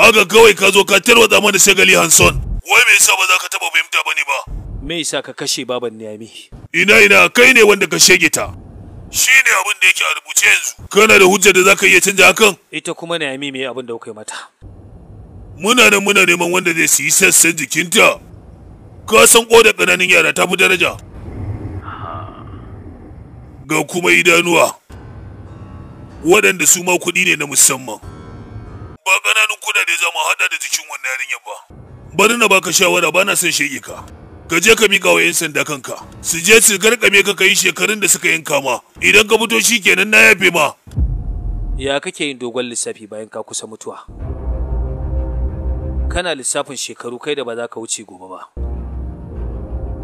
aga kawai ka zo ka tarwatsa mana shagali Hanson. Wai me yasa ba za ka taɓa fahimta bane ba? Me yasa ka kashe baban Niyami? Ina ina kai ne wanda ka shege ta. Shi ne abin da yake a rubuce yanzu. Kana da hujjar da za ka iya canja hakan? Ita kuma Niyami me abin da kuka yi mata? Muna nan muna neman wanda zai siyi sassan jikinta. Ka san da ƙananan yara ta fi daraja. Ga kuma idanuwa. Waɗanda su ma kuɗi ne na musamman. ba kuda da zama hada da jikin wannan yarinyar ba bari na baka shawara bana son shege ka ka je ka mika wa 'yan sanda kanka su je su garkame ka kai shekarun da suka yanka ma idan ka fito shikenan na yafe ma ya kake yin dogon lissafi bayan ka kusa mutuwa kana lissafin shekaru kai da ba za ka wuce gobe ba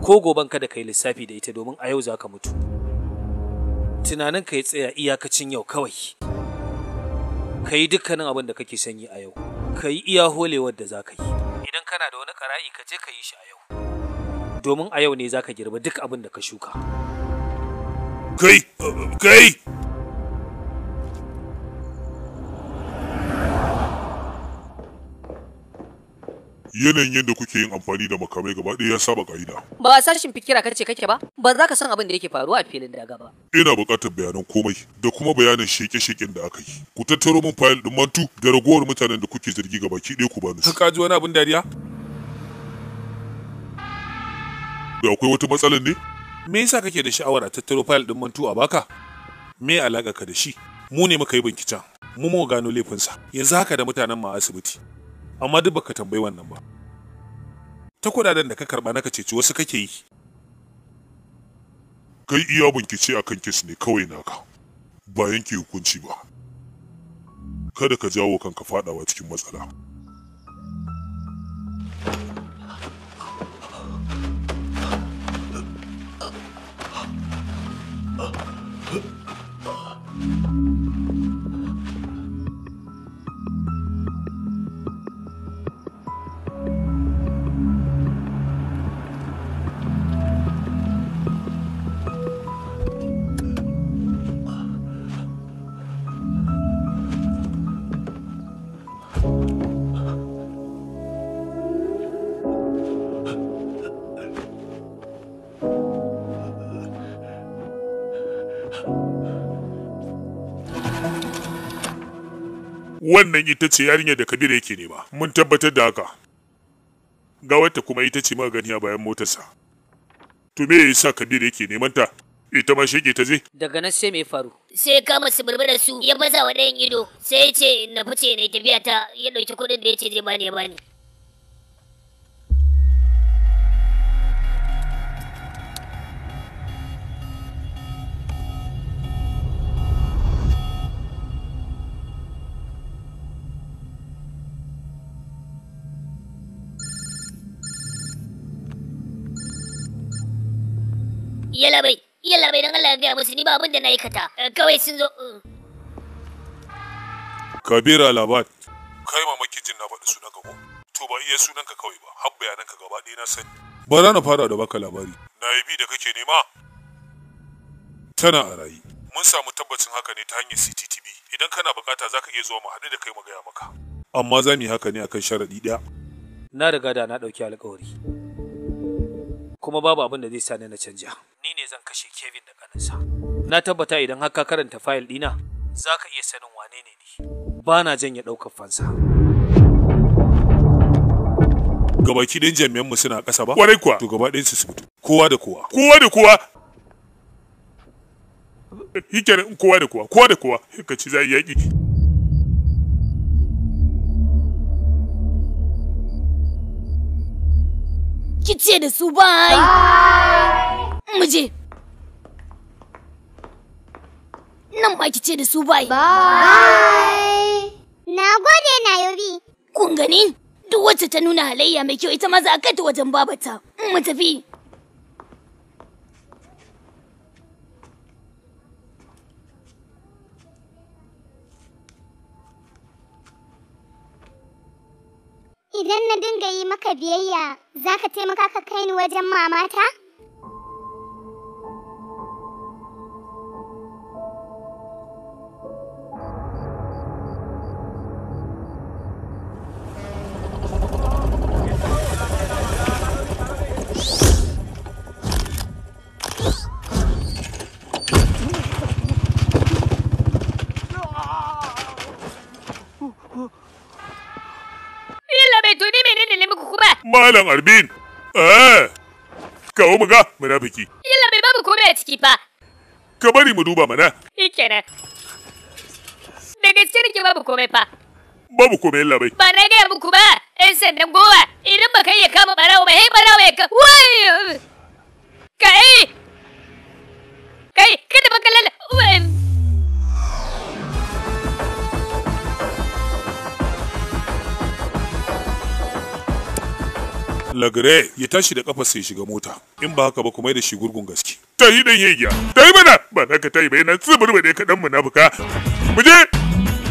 ko goben kada ka yi lissafi da ita domin a yau za ka mutu tunanin ka ya tsaya iyakacin yau kawai ka yi dukkanin abin da kake sanyi a yau ka yi iya holewar da za ka yi idan kana da wani kara'i ka je ka yi shi a yau domin a yau ne za ka girba duk abin da ka shuka kai kai yanayin yadda kuke yin amfani da makamai gaba ɗaya ya saba ka'ida. Ba a sashin fikira ka ce kake ba, ba za ka san abin da yake faruwa a filin daga ba. Ina buƙatar bayanan komai da kuma bayanan sheke-sheken da aka yi. Ku tattaro min fayil ɗin mantu da ragowar mutanen da kuke zargi gaba ki ɗaya ku bani. Ka ji wani abin dariya? Da akwai wata matsalar ne? Me yasa kake da sha'awar a tattaro fayil ɗin mantu a baka? Me alaƙa ka da shi? Mu ne muka yi binciken. Mu mu gano laifinsa. Yanzu haka da mutanen mu a asibiti. amma duk baka tambayi wannan ba ta kudaden da ka karba naka ceci wasu kake yi kai iya ce akan kes ne kawai naka ba yanke hukunci ba kada ka jawo kanka fadawa cikin matsala wannan ita ce yarinyar da kabira yake nema mun tabbatar da haka ga wata kuma ita ce muka gani a bayan motarsa to me yasa Kabir yake neman ta ita ma shege ta je daga nan sai me faru sai kama su da su ya baza wa ɗayan ido sai ya ce na fice na tafiya ta ya ɗauki kuɗin da ya ce zai bani ya bani yalla bai yalla bai dan Allah ya gaya musu ni ba abin da na aikata eh, kawai sun zo mm. kabira labat kai mamaki jin na faɗi sunanka ko to ba iya sunanka kawai ba har bayananka gaba ɗaya na sani bara na fara da baka labari na yi bi da kake nema tana a rayi mun samu tabbacin haka ne ta hanyar CCTV idan kana bukata zaka iya zuwa mu haɗu da kai mu gaya maka amma za mu yi haka ne akan sharaɗi ɗaya na riga da na ɗauki alƙawari kuma babu abin da zai sa ni na canja ne zan kashe Kevin da kaninsa. Na tabbata idan har ka karanta fayil ɗina, za ka iya sanin wane ne ni. Ba na janye ɗaukar fansa. Gabaki ɗin jami'anmu suna ƙasa ba? Kwarai kuwa. To gaba ɗayansu su mutu Kowa da kowa. Kowa da kowa. Hikiyar kowa da kowa. Kowa da kowa. Ka ci za a yaƙi. Ki ce da su bai. mu je nan ma ce da su bai. bye na gode na yobi kun gani duk wacce ta nuna halayya mai kyau ita ma za a kai ta wajen babata mu tafi Idan na dinga yi maka biyayya, za ka taimaka ka kai ni wajen mamata? Malam Arbin. Eh. Kawo mu ga biki. Yalla bai babu komai a ciki fa. Ka bari mu duba mana. Shikenan. Da gaske nake babu komai fa. Babu komai yalla bai. Ba na gaya muku ba. Yan sandan gowa. Idan ba kai ya kama barawo ba, hei barawo ya ka. Wai! Kai! Kai, kada ba kallon. lagare ya tashi da kafa sai shiga mota in ba haka ba kuma da shi gurgun gaske ta yi dan yayya dai mana ba za ka ta yi bai na tsibir bai dai kaɗan munafuka mu je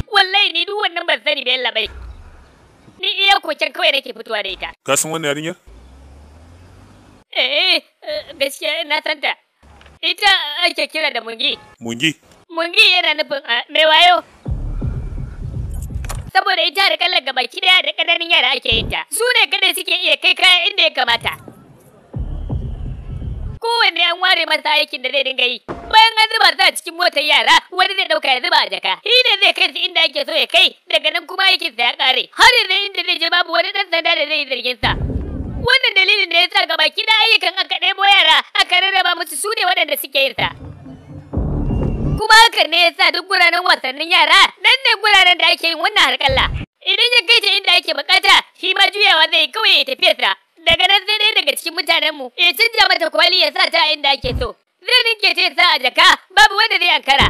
wallahi ni duk wannan ban sani bai labai ni iya koken kawai nake fitowa da ita ka san wannan yarinyar eh, eh gaskiya na san ta ita ake kira da mungi mungi mungi yana nufin ah, mai wayo saboda ita da kallon gaba ki daya da kananan yara ake yin ta su ne kada suke iya kai kaya inda ya kamata kowanne an ware masa aikin da zai dinga yi bayan an zuba ta cikin motar yara wani zai dauka ya zuba a jaka shi zai kai su inda ake so ya kai daga nan kuma aikin sa ya kare har yanzu inda zai je babu wani dan sanda da zai yi zargin sa wannan dalilin da ya sa gaba ki da ayyukan aka ɗebo yara aka rarraba musu su ne waɗanda suke yin sa Kuma hakan ne yasa duk guranan wasannin yara nan ne guranan da ake yin wannan harkalla. Idan ya kai ta inda ake bukata shi ma juyawa zai kawai ya sa Daga nan sai dai daga cikin mutanen mu ya canja mata kwali ya sa ta inda ake so. Zai ninke ta yasa a jaka babu wanda zai ankara.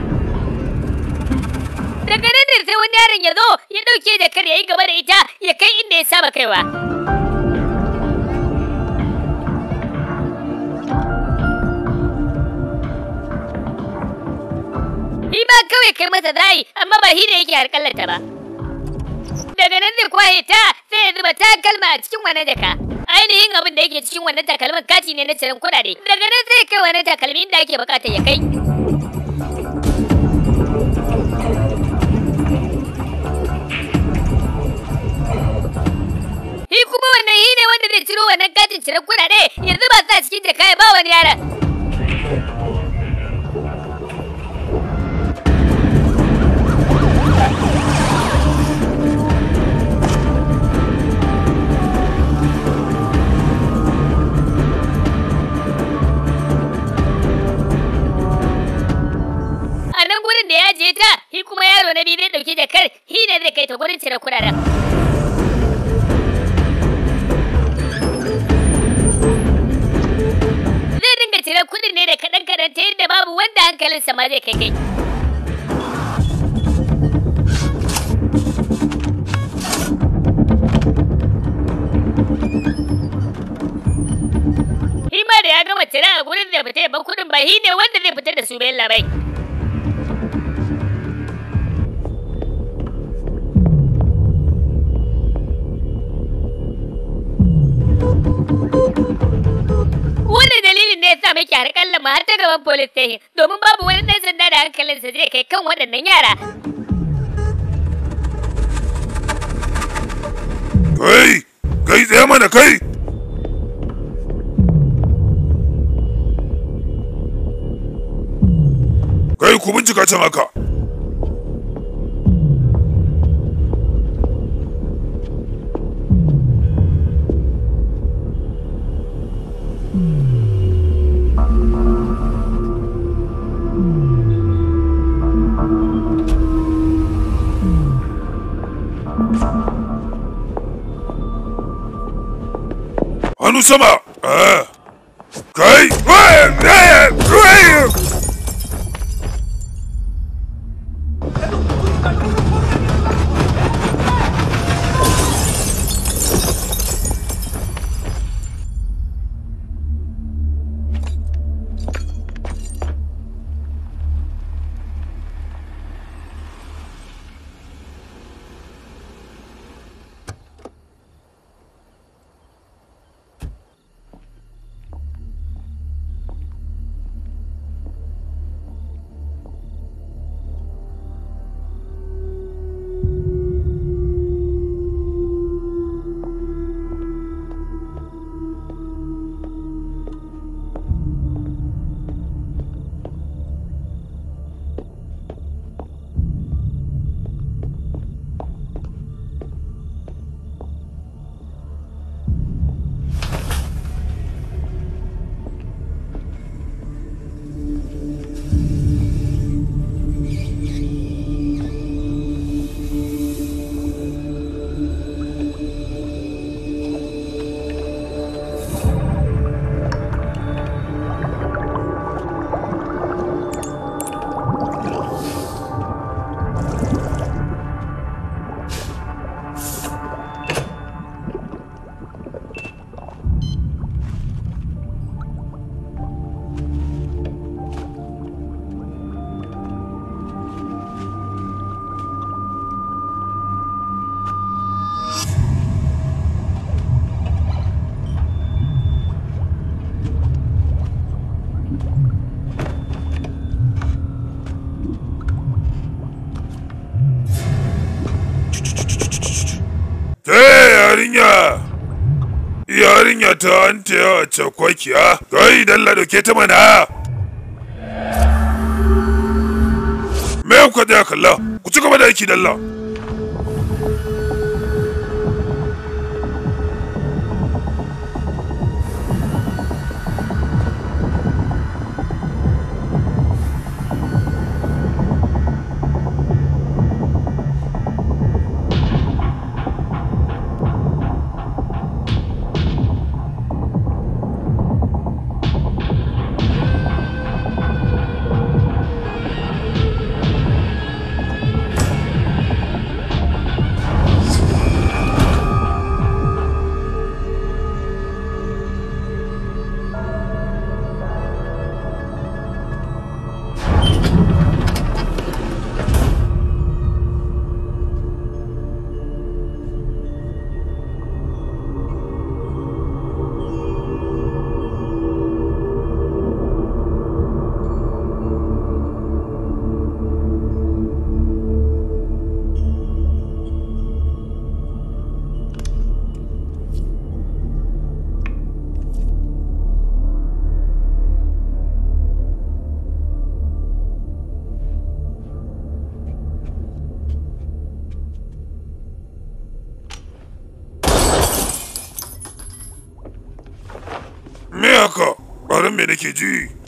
Daga nan sai wani yaron ya zo ya ɗauke jakar ya yi gaba da ita ya kai inda ya saba kaiwa. ba kawai kai mata zai amma ba shi ne yake harkallarta ba. Daga nan zai kwaye ta sai ya zuba takalma a cikin wannan jaka. Ainihin abin da yake cikin wannan takalmin kati ne na cirin kuɗaɗe. Daga nan zai kai wannan takalmin inda ake bukata ya kai. Shi kuma wannan hi ne wanda zai ciro wannan katin cirin kuɗaɗe yanzu ba sa cikin jaka ya ba wani yaran. gurin da ya je ta, shi kuma yaro na biyu zai ɗauki kar shi ne zai kai ta gurin cire kuraren. Zai dinga cire kudin ne da kaɗan-kaɗan ta yadda babu wanda hankalinsa ma zai kai kai. Hima da ya gama cire a gurin da fita ban kuɗin ba, shi ne wanda zai fitar da su bayan labai. Wannan dalilin ne ya sa muke harƙalla mu har ta gaban polis station domin babu wani ɗan sanda da sa zai kai kan waɗannan yara. Kai! Kai mana kai! Kai ku bincika can haka! some out. Uh, okay? ta an a yawa cakwakiya gai don doke ta mana me kwa da kalla ku ci gaba da aiki dalla que est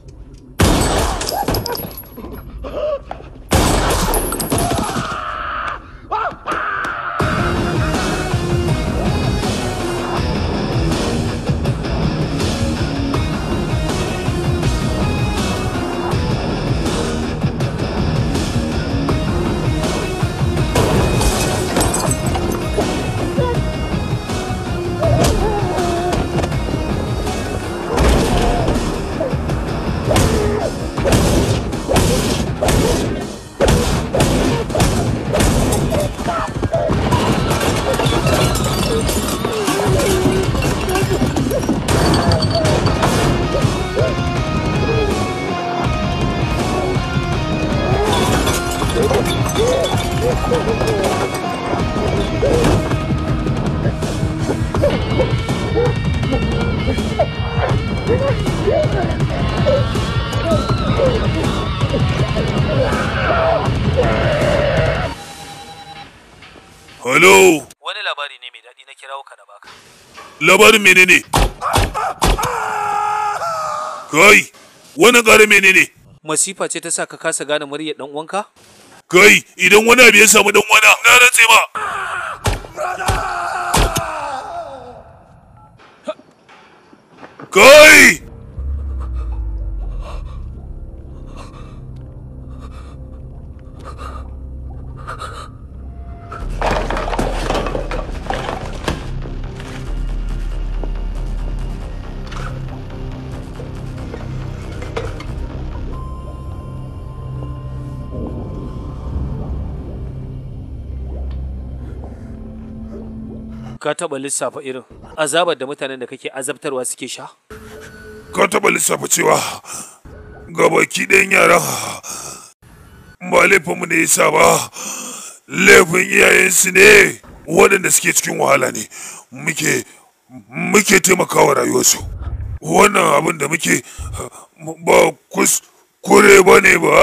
labarin menene kai wani ƙara menene masifa ce ta sa ka kasa gane murya dan uwanka kai idan wani abu ya samu dan wana na rantse ma kai ka taɓa lissafa irin azabar da mutanen da kake azabtarwa suke sha? Ka taɓa lissafa cewa ga baki ɗayan yaran ba laifinmu ne yasa ba laifin iyayensu ne waɗanda suke cikin wahala ne muke muke taimakawa rayuwarsu wannan abin da muke ba kuskure ba ne ba.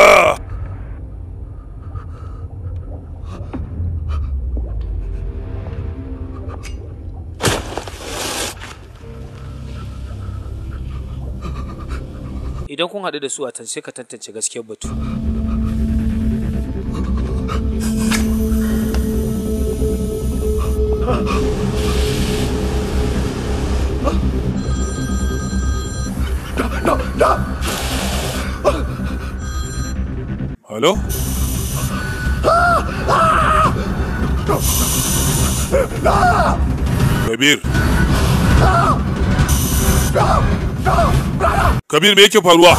idan kun haɗu da su a sai ka tantance gaskiyar batu Hallo? Kabir! kabir me yake faruwa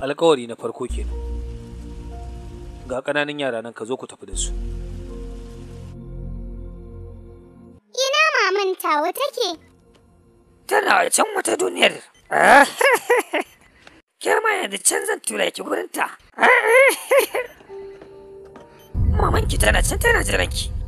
alkawari na farko kenan ga ƙananan yara nan ka zo ku tafi da su Ina maman tawa take? Tana a can wata duniyar. <laughs> Ke ma yanzu can zan tura ki gurinta. <laughs> Mamanki tana can tana jiranki.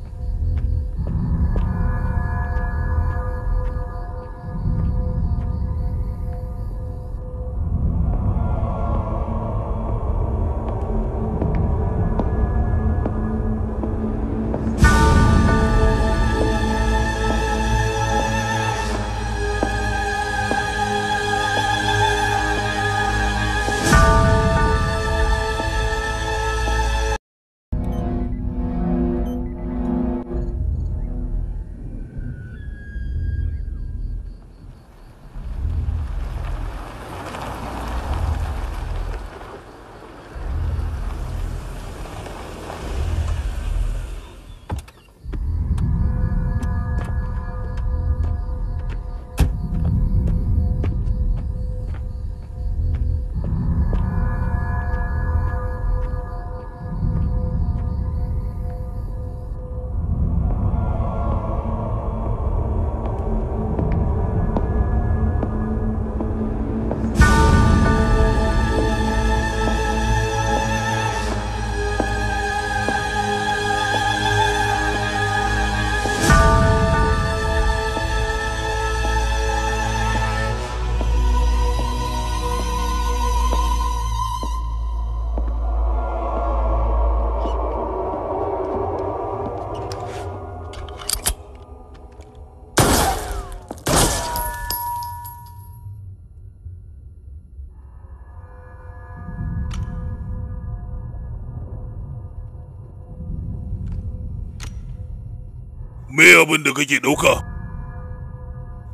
me abin da kake ɗauka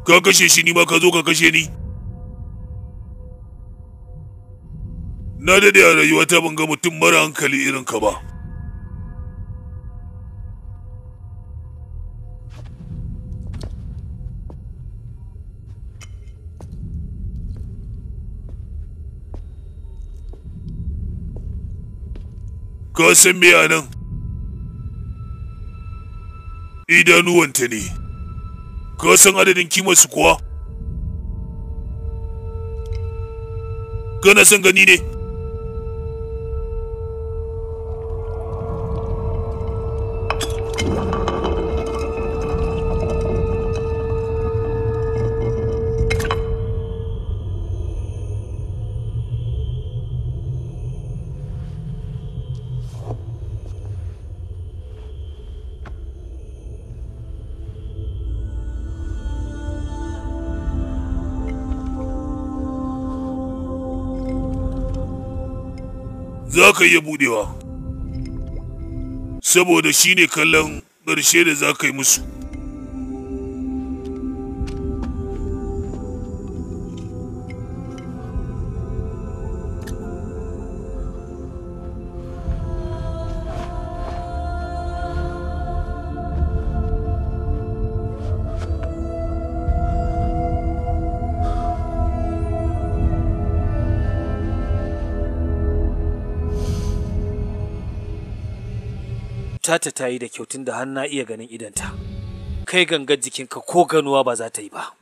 ka kashe shi ni ma ka zo ka kashe ni na daɗe a rayuwata ban ga mutum mara hankali irin ka ba ka san me a nan idanuwanta ne ka san adadin kimarsu kuwa kana son gani ne zaka iya budewa saboda shine kallon ƙarshe da za ka yi musu tata ta yi da kyau da har na iya ganin idanta kai gangar jikinka ko ganuwa ba za ta yi ba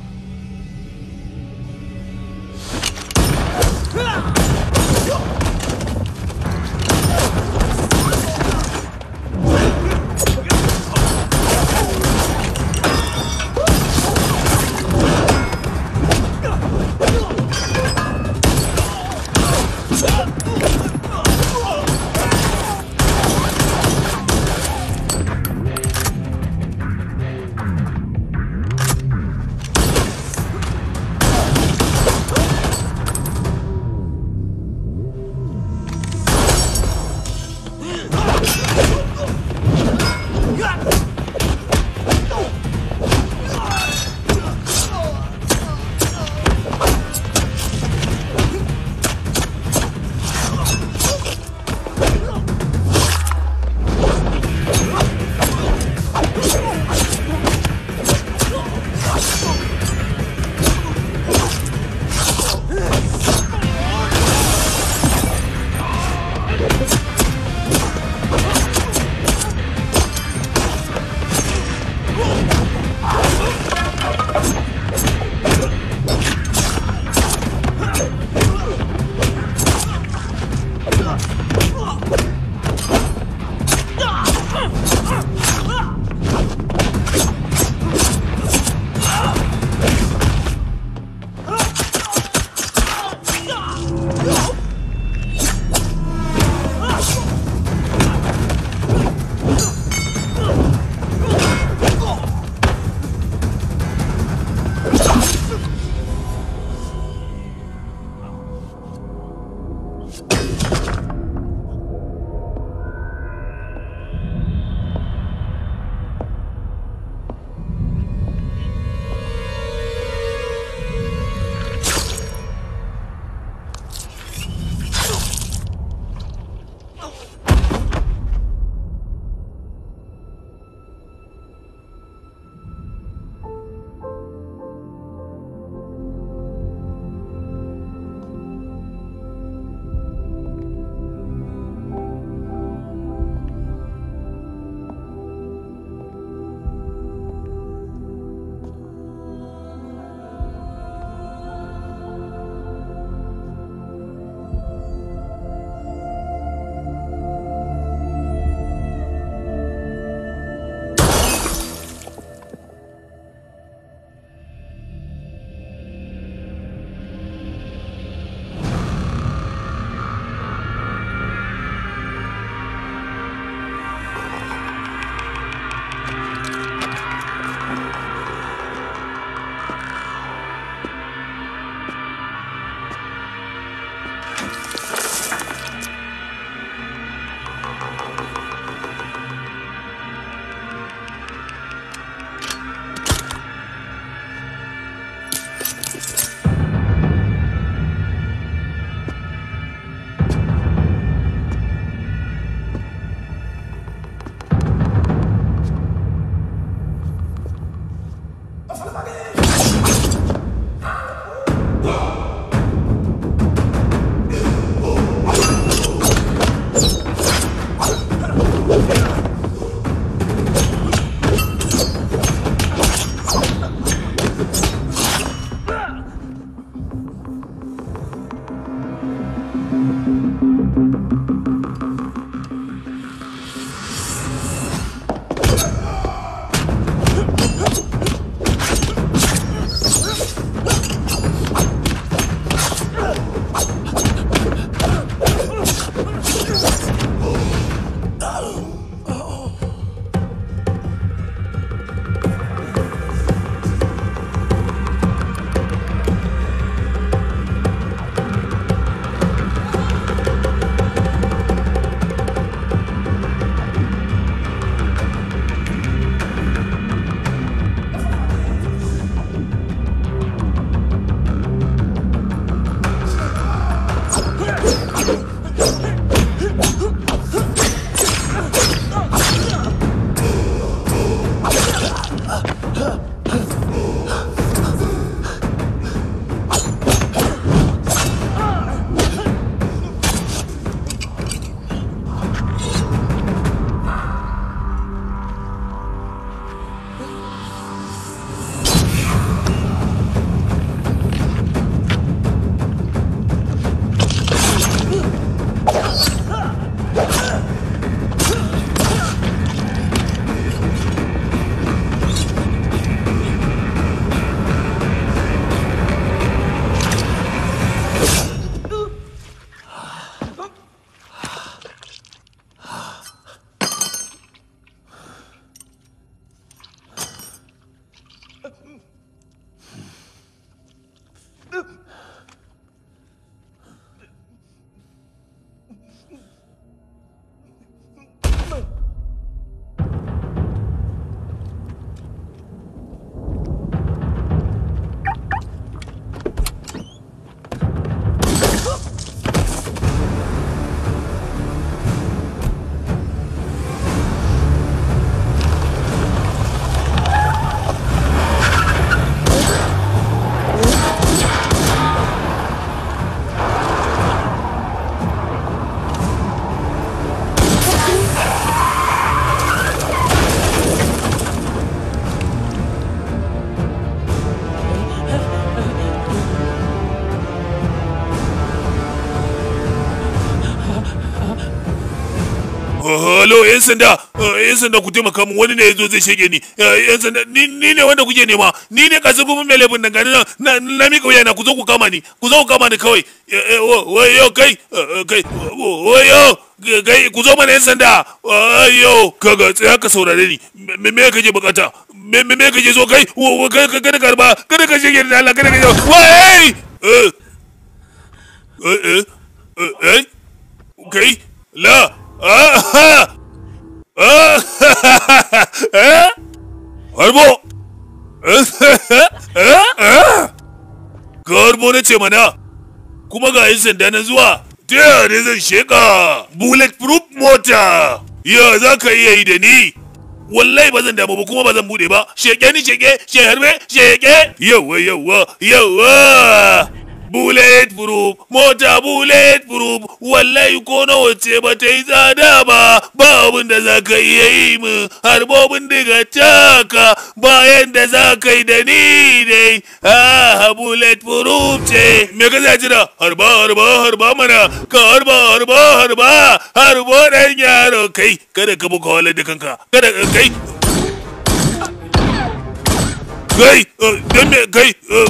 yau yan sanda eh, yan sanda ku taimaka min wani ne yazo zai shege ni eh, yan sanda ni ne wanda kuke nema ni ne kasu gumin mai laifin gani na na mika wayana ku zo ku kama ni ku zo ku kama ni kawai eh, wayo kai kai yau kai ku zo mana yan sanda wayo kaga tsaya ka saurare ni me me kake bukata me me kake zo kai kada ka karba kada ka shege ni Allah kada ka wai eh eh eh eh kai la ah Harbo! Ka harbo na ce mana, kuma ga yin sanda na zuwa, ta yaya ne zan sheƙa bulletproof mota! Ya za ka iya yi da ni? Wallahi ba zan damu ba kuma ba zan buɗe ba, sheƙe ni sheƙe, she harbe, sheƙe! Yawwa, yawwa, yawwa! bullet proof mota bullet proof wallahi ko na wace ba ta yi tsada ba ba abin da za ka iya yi min harbobin daga taka bayan da za ka yi da ni dai ah bullet proof ce me ka zaci jira harba harba harba mana ka harba harba harba harbo dan yaro kai kada ka buka walar da kanka kada kai kai eh, don me kai eh.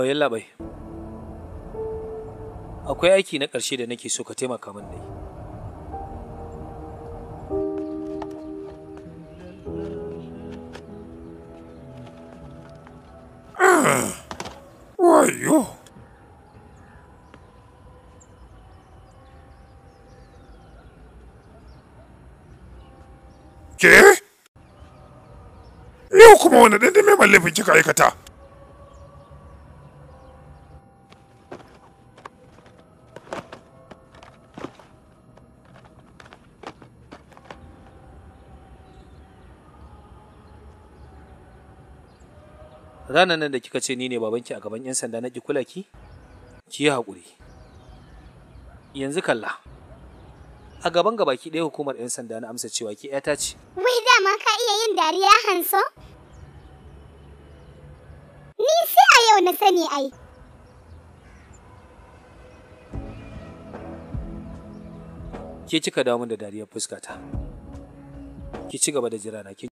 Oh, yallaɓai akwai aiki na ƙarshe da nake so ka taimaka min yi. wayo ke yau kuma wani ɗanɗan mai mallafin kika aikata ranar nan da kika ce ni ne babanki a gaban 'yan sanda na ki kula ki ki yi haƙuri yanzu kalla a gaban gabaki ɗaya hukumar 'yan sanda na amsa cewa ki ta ce wai dama ka iya yin dariya hanso ni sai a yau na sani ai Ki kika damun da dariyar fuskata ki ci gaba da jira na ki